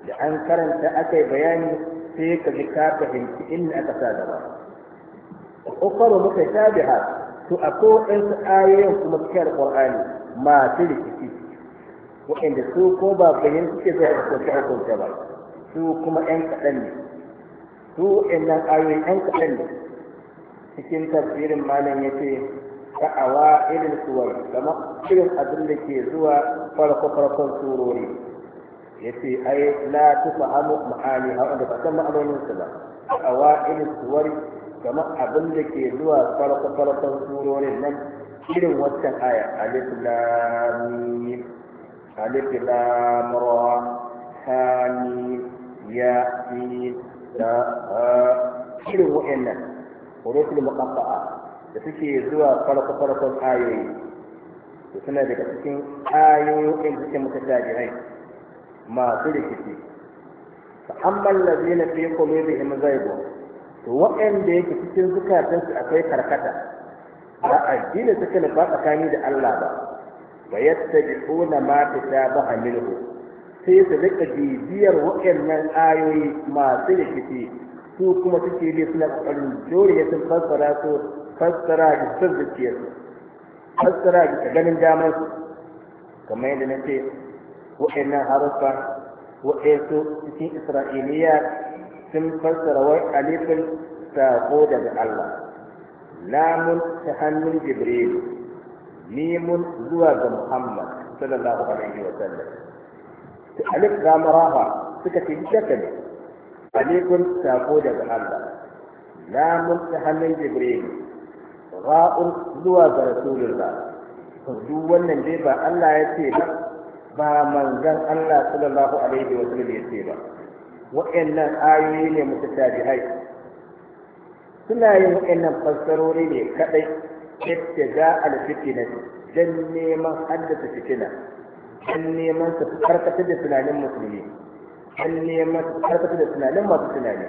da an karanta akai bayani sai ka ji ka fahimci inda aka sa gaba ukaru muka tabiha to akwai su ayoyin kuma cikin al-Qur'ani masu rikici inda su ko ba bayyana suke zuwa da hukunci ba su kuma 'yan kaɗan ne su nan ayoyi ɗan kaɗan ne cikin tafsirin malam ya ce sha'awa irin suwar kama irin abin da ke zuwa farko farkon surori ya ce ai la tu hannu ma'ani a wanda ba san ma'anonin su ba sha'awa irin suwar kama abin da ke zuwa farko farkon surorin nan irin waccan aya alif lam alif lam hamim ya da ah, irin wa'annan hurufin muqatta'a da suke zuwa farko farkon ayoyi da suna daga cikin ayoyin da suke mutasajirai masu rikici fiye kome da fi zai zaygun to wa'anda yake cikin zukatansu akwai karkata ba addini suka nufa tsakani da Allah ba wa yattabi'una ma a milhu. sai su rika bibiyar waɗannan ayoyi masu rikici su kuma suke ne suna ƙoƙarin joriya sun fassara su fassara da sun zuciyar su fassara da ganin damar su kamar yadda na ce waɗannan haruffa waɗansu cikin isra'iliya sun fassara wai alifin sako daga Allah lamun ta hannun jibril mimun zuwa ga muhammad sallallahu alaihi wa sallam alif da marafa suka ce shakka ne alaikun sako daga Allah lamun ta hannun jibril ra'un zuwa ga rasulullah duk wannan dai ba Allah ya ce ba ba manzon Allah sallallahu alaihi wa sallam ya ce ba wa'annan ayoyi ne mutashabihai suna yin wa'annan fassarori ne kadai yadda za a da fitina dan neman haddata fitina an neman su karkata da tunanin musulmi an neman su karkata da tunanin masu tunani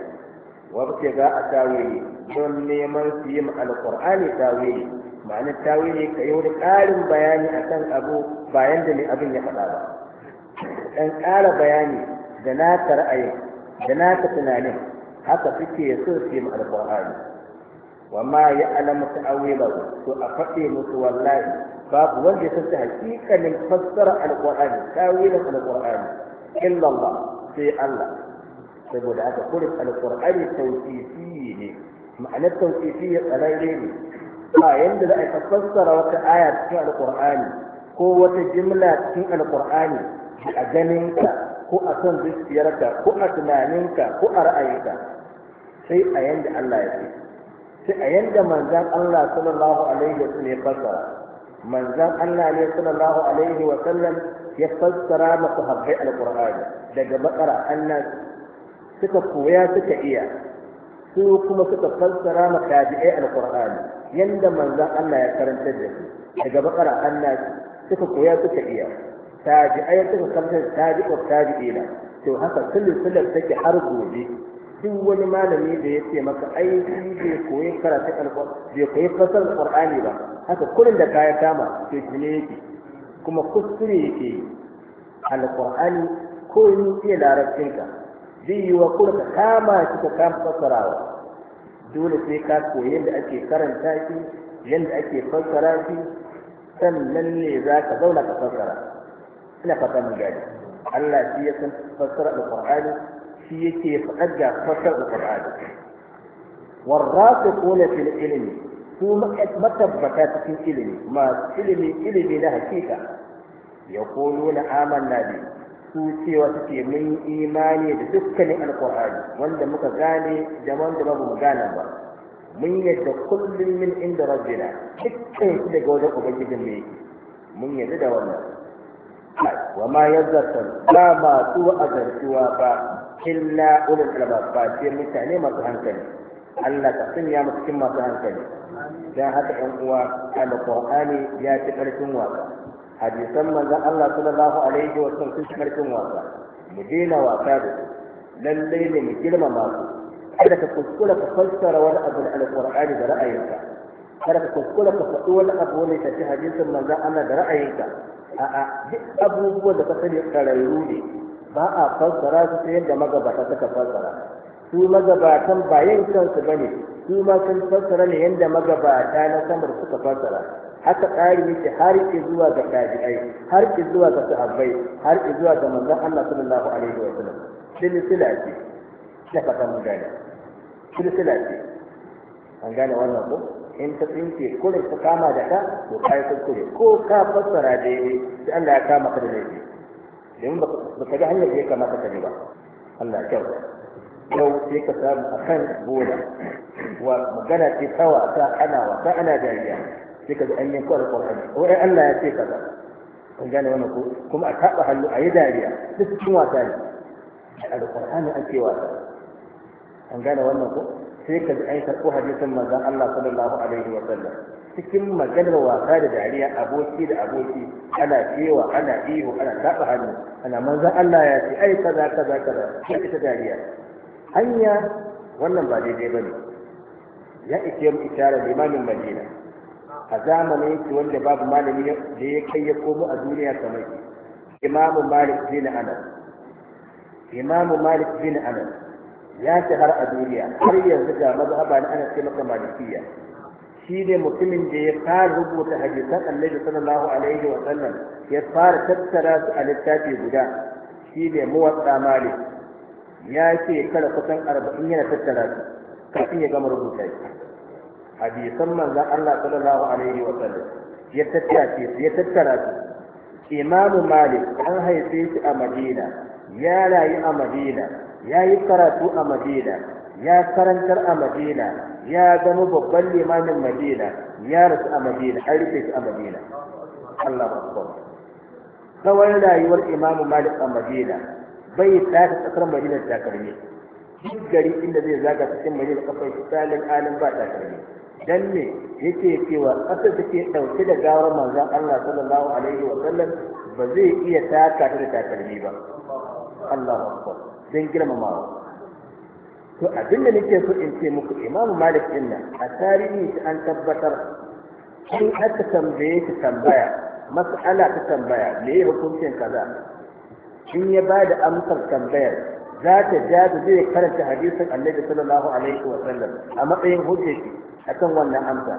wa ba ga a tawili don neman su yi alqur'ani tawili ma'ana tawili ka yi wani ƙarin bayani akan abu bayan da ne abin ya faɗa ba ɗan ƙara bayani da naka ra'ayin da ta tunanin haka suke so su yi alqur'ani wa ma ya'lamu ta'awilahu to a faɗe musu wallahi babu wanda ya san hakikanin fassara ta tawilin alqur'ani illa illallah, sai Allah saboda aka kurin alqur'ani tawqifi ne ma'anar tawqifi ya tsararre ne ba yanda za a fassara wata aya cikin alqur'ani ko wata jimla cikin alqur'ani a ganinka ko a son zuciyarka ko a tunaninka ko a ra'ayinka sai a yanda Allah ya ce sai a yadda manzan Allah sallallahu alaihi wasallam ya fassara manzan Allah ne sallallahu alaihi wasallam ya fassara masu habbai alqur'ani daga bakara annas suka koya suka iya su kuma suka fassara ma tabi'ai alqur'ani yanda manzan Allah ya karanta da su daga bakara annas suka koya suka iya tabi'ai suka karantar tabi'u tabi'ina to haka kullu kullu take har gobe duk wani malami da ya ce maka aiki shi bai koyi karatu bai koyi fasar alƙur'ani ba haka kullun da kaya kama to shi ne yake kuma kuskure yake alƙur'ani ko ni iya larabcin ka zai yi wa kullun kama shi ka kama fasarawa dole sai ka koyi yadda ake karanta shi yadda ake fassara shi sannan ne za ka zauna ka fassara ina fata mun gani Allah shi ya san fassara alƙur'ani shi yake faɗar da fasar alqur'ani warrafiquna fil ilmi su matabbata cikin ilimi masu ilimi ilimi na hakika ya na amanna bi su cewa suke mun imani da dukkanin alkur'ani wanda muka gane da wanda ba mu gane ba mun yadda kullum min inda rabbina dukkan su daga wajen ubangijin mu yake mun yadda da wannan wa ma yazzakar ba su a azartuwa ba illa ulul albab ba sai mutane masu hankali Allah ka sanya mu cikin masu hankali dan haka ɗan uwa alqur'ani ya ci karfin wasa hadisan manzon Allah sallallahu alaihi wa sallam sun ci karfin wasa mu daina wasa da su lallai ne mu girmama su kada ka kuskura ka fassara wani abu da alqur'ani da ra'ayinka kada ka kuskura ka faɗi wani abu ne ka ci hadisin manzon Allah da ra'ayinka a'a duk abubuwan da ka sani ƙararru ne ba a fassara su ta yadda magabata suka fassara su magabatan ba yin kansu ne. su ma sun fassara ne yadda magabata na samar suka fassara haka tsari yake har ke zuwa ga tabi'ai har ke zuwa ga sahabbai har ke zuwa ga manzon Allah sallallahu alaihi wa sallam silsila ce da fata mun gane silsila ce an gane wannan ko in ta tsinke kurin ta kama da ka to ka yi kuskure ko ka fassara daidai sai Allah ya kama ka da laifi domin ba ka ga hanyar da ya kamata ka ne ba Allah kyau yau sai ka samu a kan bola wa magana ce ta wasa ana wasa ana dariya sai ka ji an yi kwarar kwarar wai Allah ya ce kaza kun gane wannan ko kuma a taɓa hannu a yi dariya duk cikin wasa ne a alƙur'ani ake wasa an gane wannan ko sai ka ji an karɓo hadisin manzon Allah sallallahu alaihi wa sallam cikin maganar wasa da dariya aboki da aboki ana cewa ana ihu ana taɓa hannu ana manzon Allah ya ce ai kaza kaza kaza sai ita dariya hanya wannan ba daidai bane ya ishe mu isharar limamin Madina a zamanin yake wanda babu malami da ya kai ya komo a duniya kamar imamu Malik bin Anas imamu Malik bin Anas ya shahara a duniya har yanzu ga mazhaba na ana ce maka malikiya shi ne mutumin da ya fara rubuta hadisan annabi sallallahu alaihi wa sallam ya fara tattara su a littafi guda shi ne muwatsa malik ya ce kada kusan arba'in yana tattara su kafin ya gama rubuta shi hadisan manzon Allah sallallahu alaihi wa sallam ya tattara su ya tattara su imamu malik an haife shi a madina ya rayu a madina ya yi karatu a madina ya karantar a madina ya zama babban limamin madina ya rasu a madina an rufe shi a madina Allah akbar tsawon rayuwar imamu malik a madina bai tashi tsakar madina ta takarmi duk gari inda zai zaga cikin madina su tsalin alin ba takarmi dan ne yake cewa kasar da ke dauke da gawar manzon Allah sallallahu alaihi wa sallam ba zai iya taka ta da takalmi ba Allahu akbar don girmamawa to abin da nake so in ce muku imamu malik din nan a tarihi shi an tabbatar in aka tambaye ta tambaya mas'ala ta tambaya me ya hukuncin kaza in ya ba da amsar tambayar za ta ja da zai karanta hadisin annabi sallallahu alaihi wa sallam a matsayin hujja shi akan wannan amsa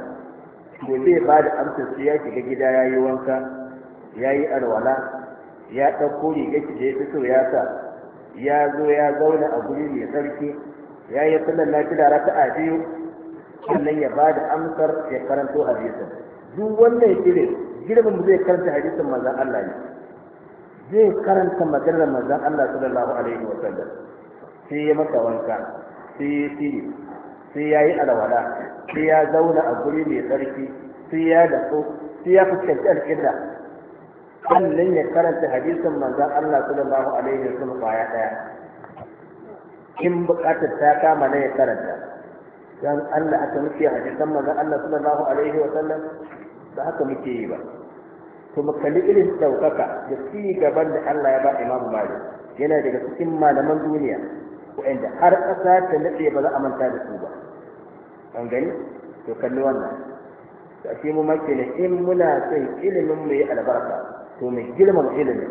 to zai ba da amsar su ya shiga gida ya yi wanka ya yi alwala ya ɗauko rigar shi da ya fito ya sa ya zo ya zauna a guri mai tsarki ya yi sallan nafila ta biyu sannan ya ba da amsar ya karanto hadisin duk wannan ya ne girman zai karanta hadisin manzon Allah ne zai karanta maganar manzon Allah sallallahu alaihi wa sallam sai ya maka wanka sai ya tiri sai ya yi alwala sai ya zauna a guri mai tsarki sai ya dafu sai ya fuskanci alƙibla sannan ya karanta hadisin manzo Allah sallallahu alaihi wasallam kwaya daya in buƙatar ta kama na ya karanta dan Allah aka muke hadisan manzo Allah sallallahu alaihi wasallam ba haka muke yi ba to mu kalli irin daukaka da ci gaban da Allah ya ba Imam Malik yana daga cikin malaman duniya wa'anda har ƙasa ta nade ba za a manta da su ba an gani to kalli wannan da shi mu make ne in muna son ilimin mu yi albarka to mai girman ilimi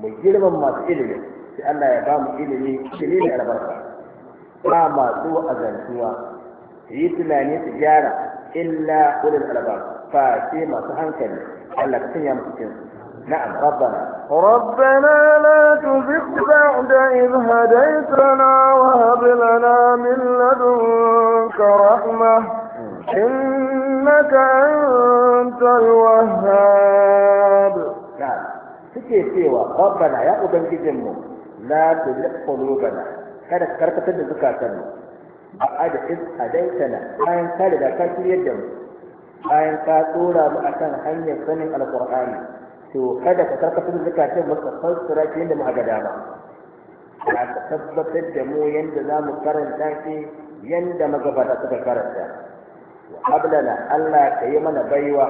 mai girman masu ilimi sai Allah ya ba mu ilimi ilimi da albarka ba ma su azantuwa su yi tunani su gyara illa ulul albab fa sai masu hankali Allah ka sanya mu cikin su نعم ربنا ربنا لا تزغ بعد إذ هديتنا وهب لنا من لدنك رحمة إنك أنت الوهاب suke cewa rabbana ya mu la tuzigh qulubana kada ka karkatar da a ba'ada is adaitana bayan ka riga ka shiryar da mu bayan ka tsora mu akan hanyar sanin alqur'ani to kada ka karkatar da mu, ka fassara shi yadda mu ga dama ka tabbatar da mu yadda za mu karanta shi yadda magabata suka karanta wa ablana Allah ka yi mana baiwa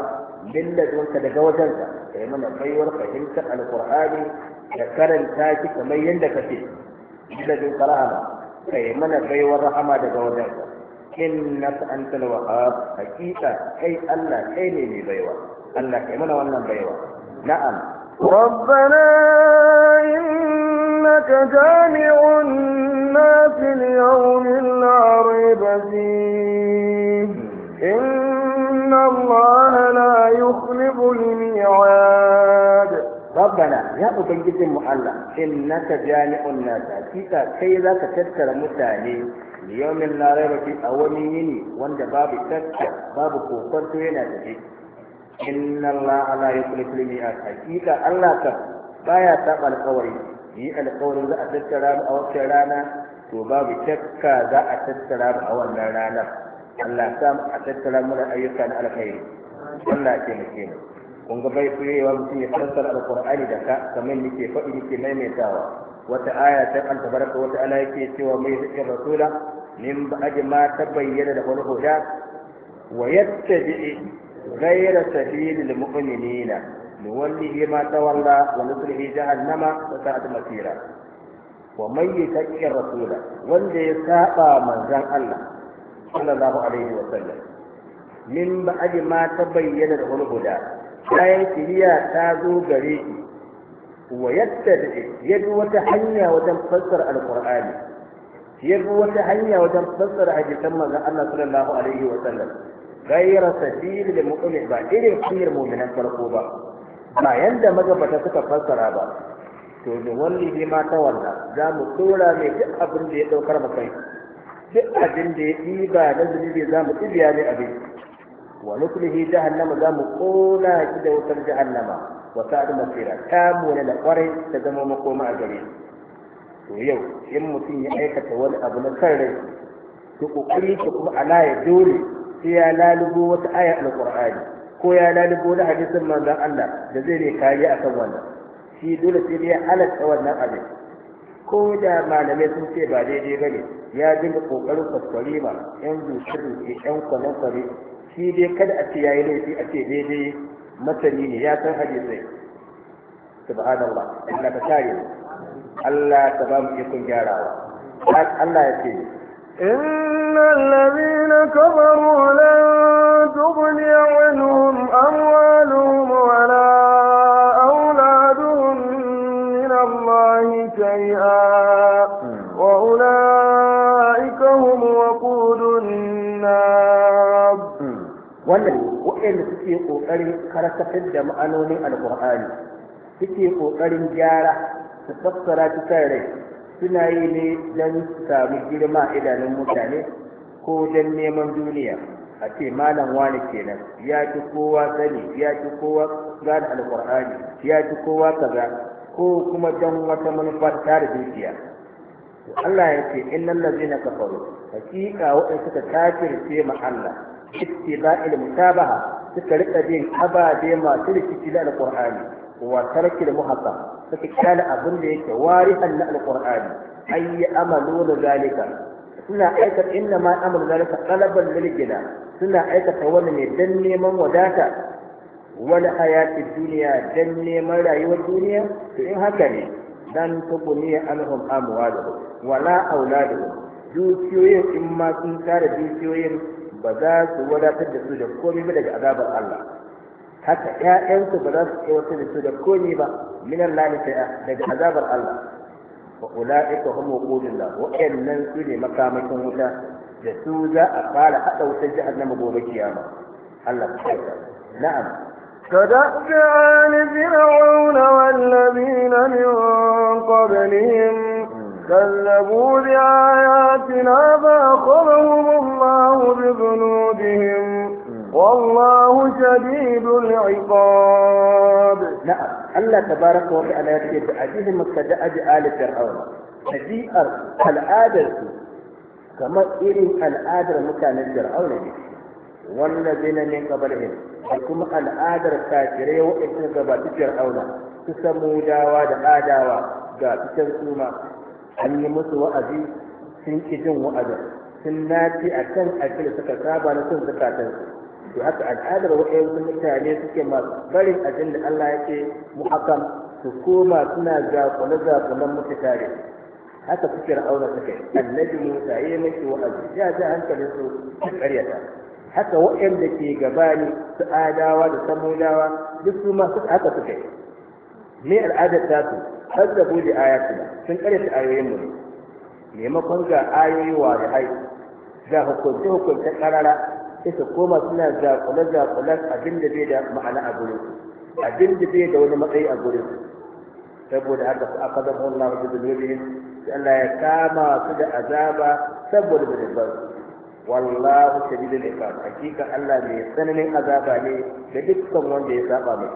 min ladunka daga wajenka ka yi mana baiwar fahimtar alkur'ani da karanta shi kamar yadda kake da jin karama ka yi mana baiwar rahama daga wajen innaka antal wahhab hakika kai Allah kai ne mai baiwa Allah kai mana wannan baiwa na'am ربنا إنك جامع الناس ليوم لا ريب فيه إن الله لا يخلف الميعاد ربنا يا أبنجد الله إنك جامع الناس كيكا كي لا تتذكر متاني ليوم لا ريب في أوليني وان باب تذكر باب كوكنت وين تجي إن الله لا يخلف الميعاد كيكا الله كف بايا تبع القوري yi alƙawarin za a tattara mu a wacce rana to babu shakka za a tattara mu a wannan ranar Allah sa mu a tattara mu da ayyuka na alkhairi Allah ya taimake mu kun ga bai kurewa mutum ya fassara alqur'ani da ka kamar ke faɗi ke maimaitawa wata aya ta an tabaraka wata ala yake cewa mai zikin rasula min ba'di ma tabayyana da wani huda wa yattabi ghayra sabilil mu'minina nuwallihi ma tawalla wa nuslihi jahannama wa sa'at masira wa man yattaqi rasula wanda ya saba manzon Allah sallallahu alaihi wa sallam min ba'di ma tabayyana da wani huda bayan shiriya ta zo gare shi wa yadda da ya bi wata hanya wajen fassara Alƙur'ani? ya bi wata hanya wajen fassara hadisan manzon Allah sallallahu alaihi wa sallam gaira sabil da mu'min ba irin hanyar mu'minan farko ba ba yanda magabata suka fassara ba to da wani ne ma ta walla za mu dora mai duk abin da ya mu kai. duk abin da ya ɗiba na zunubi za mu ɗibiya ne abin wa nuklihi jahannama za mu ƙona shi da wutar jahannama wa da masira ta mona da kwarai ta zama makoma a gare to yau in mutum ya aikata wani abu na kan rai ta kokari ta kuma alaya dole sai ya lalubo wata aya alqur'ani ko ya lalubo wani hadisin manzon Allah da zai ne kariya akan wannan shi dole sai dai ya halatta wannan abin ko da malamai sun ce ba daidai ba ne. ya dinga kokarin kwaskwari ba, yan zuci zuci yan kwanan kwari shi dai kada a ce ya yi laifi a ce daidai masani ne ya san hadisai subhanallah Allah ka kare mu Allah ka ba mu ikon gyarawa Allah ya ce إن الذين كفروا لن تغني عنهم أموالهم ولا أولادهم من الله شيئا wannan waɗanda suke ƙoƙarin karkatar da ma'anonin alƙur'ani suke ƙoƙarin gyara su fassara ta kan rai suna yi ne don su sami girma idanun mutane ko don neman duniya a ce malam wani kenan ya ci kowa sani ya ci kowa gane alƙur'ani ya ci kowa kaza ko kuma don wata manufa ta da dukiya Allah ya ce innal ladzina kafaru hakika waɗanda suka kafirce ma Allah ittiba'il mutabaha suka rika bin ababe masu rikici na alqur'ani wa tarkil muhaqqaq suka kana abin da yake warihan na alqur'ani ay amaluna zalika suna aikata inna ma amalu zalika talaban lil gina suna aikata wannan ne dan neman wadata wani hayatin duniya dan neman rayuwar duniya to in haka ne dan tukuni alhum amwaluhum wala auladuhum dukiyoyin in ma sun tara dukiyoyin ba za su wadatar da su da komai ba daga azabar Allah haka ƴaƴansu ba za su tsawatar da su da komai ba minan lani sa'a daga azabar Allah wa ula'ika hum wuqudullah wa'annan su ne makamakin wuta da su za a fara hada wutar jahannama gobe kiyama Allah ya na'am كدأب آل فرعون والذين من قبلهم كذبوا بآياتنا فأخذهم والله شديد العقاب نعم الله تبارك وتعالى يقول أجيه مكة أجي آل فرعون أجيئر الآدر كما إرين الآدر مكان فرعون والذين من قبلهم حكم الآدر كافرين وإن قبل فرعون تسموا داوا دآداوا قابتا سوما أن يمسوا وأبي سنكجن وأبي sun nace a kan abin da suka saba na son zukatansu to haka al'adar waɗansu mutane suke masu barin abin da Allah ya ce hakan su koma suna zakule zakulen mutu tare haka su fir'auna suke annabi Musa ya yi miki wa'azi ya ji hankalin su su ƙaryata. haka waɗanda ke gabani su adawa da samudawa duk su ma haka suke ne al'adar tasu kazzabu da bude ayatuna sun karyata ayoyin mu ne maimakon ga ayoyi wa da hai ga hukunce hukunce ƙarara. sai su koma suna zakule-zakulen abin da bai da ma'ana a gurin abin da bai da wani matsayi a gurin saboda haka su aka zama wani lafi da zunubin Allah ya kama su da azaba saboda da zunubar wallahu shadidul iqab hakika Allah mai tsananin azaba ne da dukkan wanda ya saba mai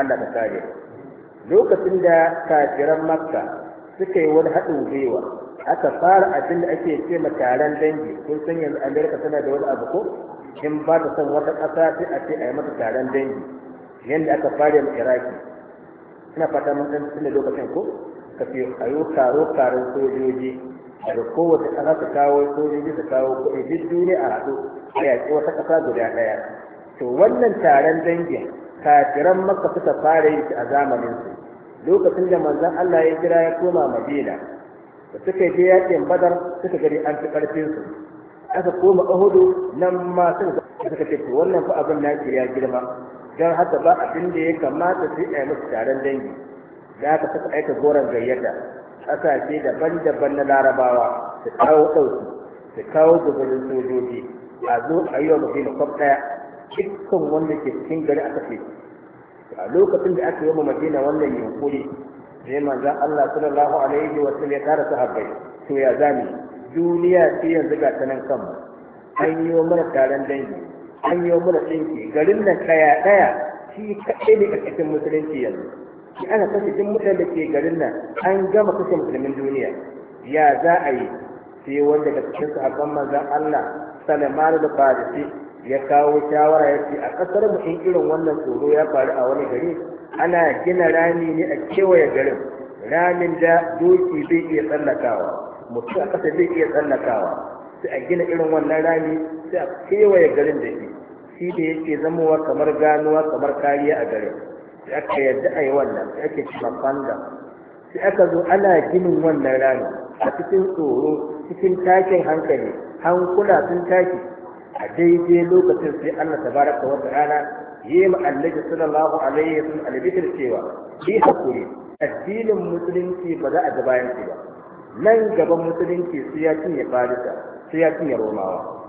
Allah ta kare lokacin da kafiran makka suka yi wani haɗin gwiwa aka fara abin da ake ce ma taron dangi kun san yanzu amerika tana da wani abu ko in ba ta son wata ƙasa sai a ce a yi mata taron dangi yadda aka fara mu iraki ina fata mun san tun da lokacin ko ka fi a yi taro taron sojoji daga kowace ƙasa ta kawo sojoji ta kawo kuɗi duk duniya a haɗu a yaƙi wata ƙasa guda ɗaya to wannan taron dangin kafiran maka suka fara yi a zamanin su lokacin da manzon Allah ya kira ya koma Madina da suka je yaƙin Badar suka gani an fi ƙarfin su aka koma uhudu nan ma sun suka ce wannan fa abin na ya girma don haka ba abin da ya kamata sai a yi musu taron dangi da aka saka aika goron gayyata ƙasashe daban-daban na larabawa su kawo ɗauki su kawo gudunin sojoji a zo a yi wa madina kwaf ɗaya dukkan wanda ke cikin gari aka ce a lokacin da aka yi wa madina wannan yunkuri sai manzan allah sallallahu alaihi wa sallam ya tara sahabbai to ya duniya ce yanzu ga ta nan kanmu an yi wa mana taron dangi an yi wa mana tsinki. garin nan ɗaya daya shi kaɗai ne a cikin musulunci yanzu shi ana kashe duk mutan da ke garin nan an gama kashe musulmin duniya ya za a yi sai wanda ga cikin sahabban manzon Allah Salman da Farisi ya kawo shawara ya ce a ƙasar mu in irin wannan tsoro ya faru a wani gari ana gina rami ne a kewaye garin ramin da doki zai iya tsallakawa mutum a ƙasa zai iya tsallakawa sai a gina irin wannan rami sai a kewaye garin da shi shi da yake zamowa kamar ganuwa kamar kariya a garin sai aka yarda a yi wannan sai ake cima fanga sai aka zo ana ginin wannan rami a cikin tsoro cikin takin hankali hankula sun taki a daidai lokacin sai Allah tabaraka wa ta'ala yi ma annabi sallallahu alaihi wa sallam cewa shi hakuri addinin musulunci ba za a ga bayan shi ba nan gaban musulunci sai ya cinye farisa sai ya cinye romawa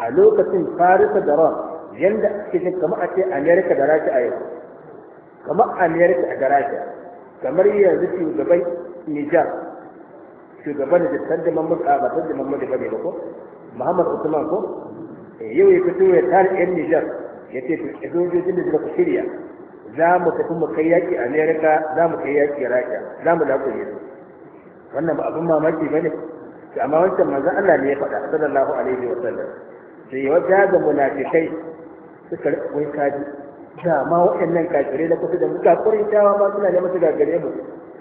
a lokacin farisa da rom yanda ake jin kamar a ce amerika da rasha a yau kamar amerika da rasha kamar yanzu shugaban nijar shugaban da sanda mamman a ba sanda mamman da bane ba ko muhammad usman ko eh, yau ya fito ya tare yan nijar ya ce to sojojin da suka shirya za mu tafi mu kai yaƙi amerika za mu kai yaƙi rasha za mu laƙure su wannan ba abin mamaki bane to amma wancan manzon Allah ne ya faɗa sallallahu alaihi wa sallam sai ya wata ga munafikai suka wai kaji da ma waɗannan kafire da kusa da muka kurintawa ma suna da musu gagare mu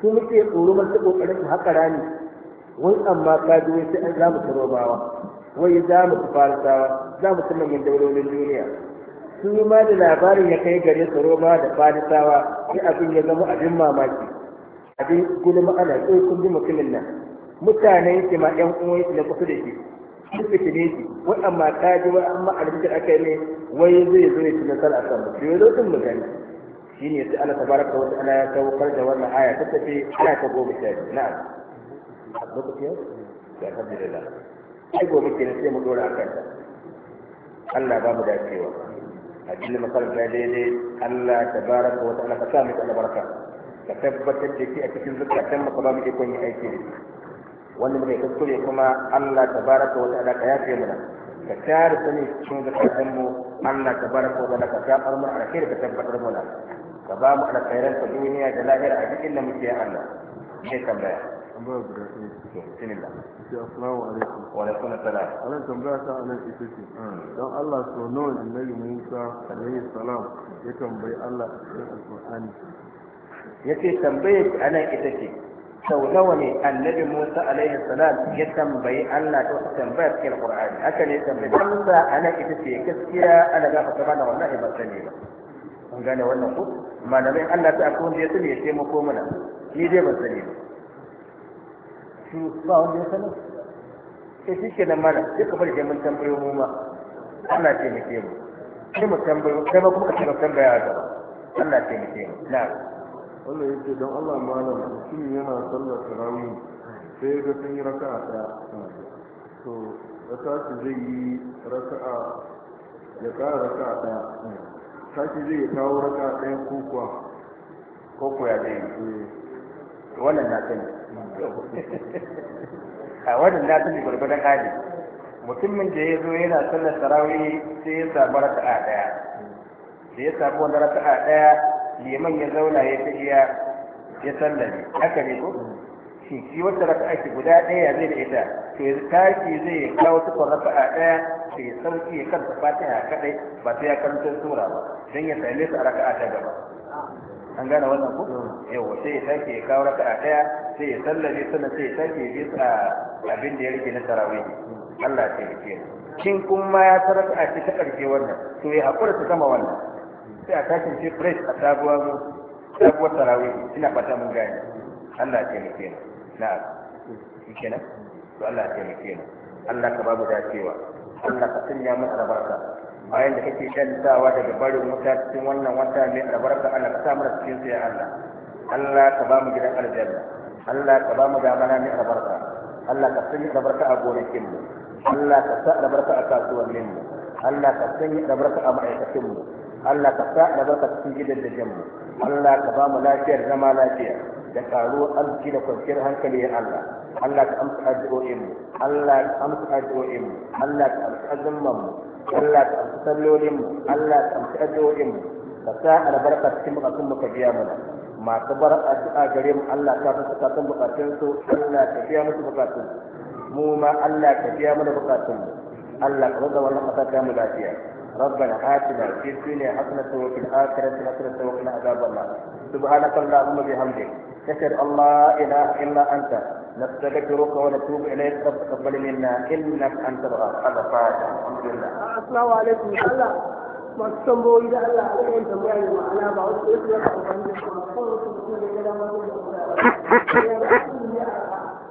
su muke tsoro mun su kokarin su haka rani wai amma kaji wai sai an za mu bawa wai za mu fara farisawa za mu tuna min daulolin duniya su ma da labarin ya kai gare su roma da farisawa sai abin ya zama abin mamaki abin gulma ana tsoye kun ji mutumin nan mutanen shi ma ƴan uwan shi na kusa da shi duk da ne shi wai amma ka ji wai amma albitar aka yi ne wai zai zo ya ci nasara a kan mutum yau zai mu gani shi ne sai Allah tabaraka wa ta'ala ya kawo saukar da wannan aya ta tafi ana ta goma sha biyu na'am lokaci ya alhamdulillah sai gobe kenan sai mu dora akan ta Allah ba mu dacewa addinin makaranta daidai Allah tabaraka wa ta'ala ka sa mu da barka ka tabbatar da shi a cikin zukatan mu kuma mu ikon yin aiki da shi wanda muka kuskure kuma Allah tabaraka wa ta'ala ka yafe mana ka tare sani cikin zukatan mu Allah tabaraka wa ta'ala ka tabar mu alkhairi ka tabbatar mana ka ba mu alkhairan ta duniya da lahira a cikin da muke Allah ne tambaya tambaya guda ɗaya bismillah assalamu alaikum wa alaikum assalam wannan tambaya ta anan ita ce don Allah so nawa annabi Musa alaihi salam ya tambayi Allah a cikin alqur'ani yace tambaye ki ana ita ce sau nawa ne annabi Musa alaihi salam ya tambayi Allah ta wata tambayar cikin Qur'ani haka ne tambayi Musa ana ita ce gaskiya ana gafa ta bana wallahi ba sani ba kun gane wannan ku malamai Allah ta akwai wanda ya sani ya taimako mana ni dai ban sani ba shi ba wanda ya sani sai shi ke nan mana duk bari sai mun tambayo mu ma Allah taimake mu sai mu tambayo sai ma kuma ka tambaya ga Allah taimake mu na'am wannan yake don Allah malam mutum yana sallar tarawih sai ga sun yi raka'a ɗaya, to da tashi zai yi raka'a ya kara raka'a ɗaya, tashi zai ya kawo raka'a daya ko kuwa ko kuwa ya zai eh. wannan na sani a wannan na sani gwargwadon hali mutumin da ya zo yana sallar tarawih sai ya samu raka'a ɗaya. da ya samu raka raka'a ɗaya. liman ya zauna ya tafiya ya sallame haka ne ko shi shi wata raka'a ki guda ɗaya zai da ita to ya taki zai kawo tukun raka'a ɗaya to ya sauki ya karanta fatiha kadai ba sai ya karanta sura ba dan ya same su a raka'a ta gaba an gane wannan ko yawa sai ya taki ya kawo raka'a ɗaya sai ya sallame sannan sai ya taki ya bisa abin da ya rike na tarawih Allah ya taimake kin kuma ya taraka a ta karshe wannan to ya hakura ta sama wannan sai a tashin ce fresh a sabuwar sabuwar tarawih ina fata mun gani. Allah ya taimake ni na'am kenan to Allah ya taimake ni Allah ka babu dacewa Allah ka sanya mu albarka bayan da kake dantawa daga barin wata cikin wannan wata a albarka Allah ka samu cikin sai Allah Allah ka ba mu gidan aljanna Allah ka ba mu damana a albarka Allah ka sanya albarka a gonakin mu Allah ka sa albarka a kasuwannin mu Allah ka sanya albarka a ma'aikatan mu Allah ka sa da barka cikin gidan da jammu Allah ka ba mu lafiyar zama lafiya da karuwar arziki da kwanciyar hankali ya Allah Allah ka amsa addu'o'in mu Allah ka amsa addu'o'in mu Allah ka amsa azumman mu Allah ka amsa sallolin mu Allah ka amsa addu'o'in mu ka sa da albarka cikin bukatun mu ka biya mana masu bar addu'a gare mu Allah ka fi bukatun bukatun su Allah ka biya musu bukatun mu ma Allah ka biya mana bukatun mu Allah ka zaga wannan ƙasa ta mu lafiya ربنا آتنا في الدنيا حسنة وفي الآخرة حسنة وقنا عذاب النار سبحانك اللهم بحمدك نشهد أن لا إله إلا أنت نستغفرك ونتوب إليك تقبل منا إنك أنت الغفار الحمد لله السلام عليكم الله masu tambayoyi da Allah a yawan tambaya ne ma'ana ba wasu ya fiye da amfani da shi ba kawai su mutum da ya dama da ya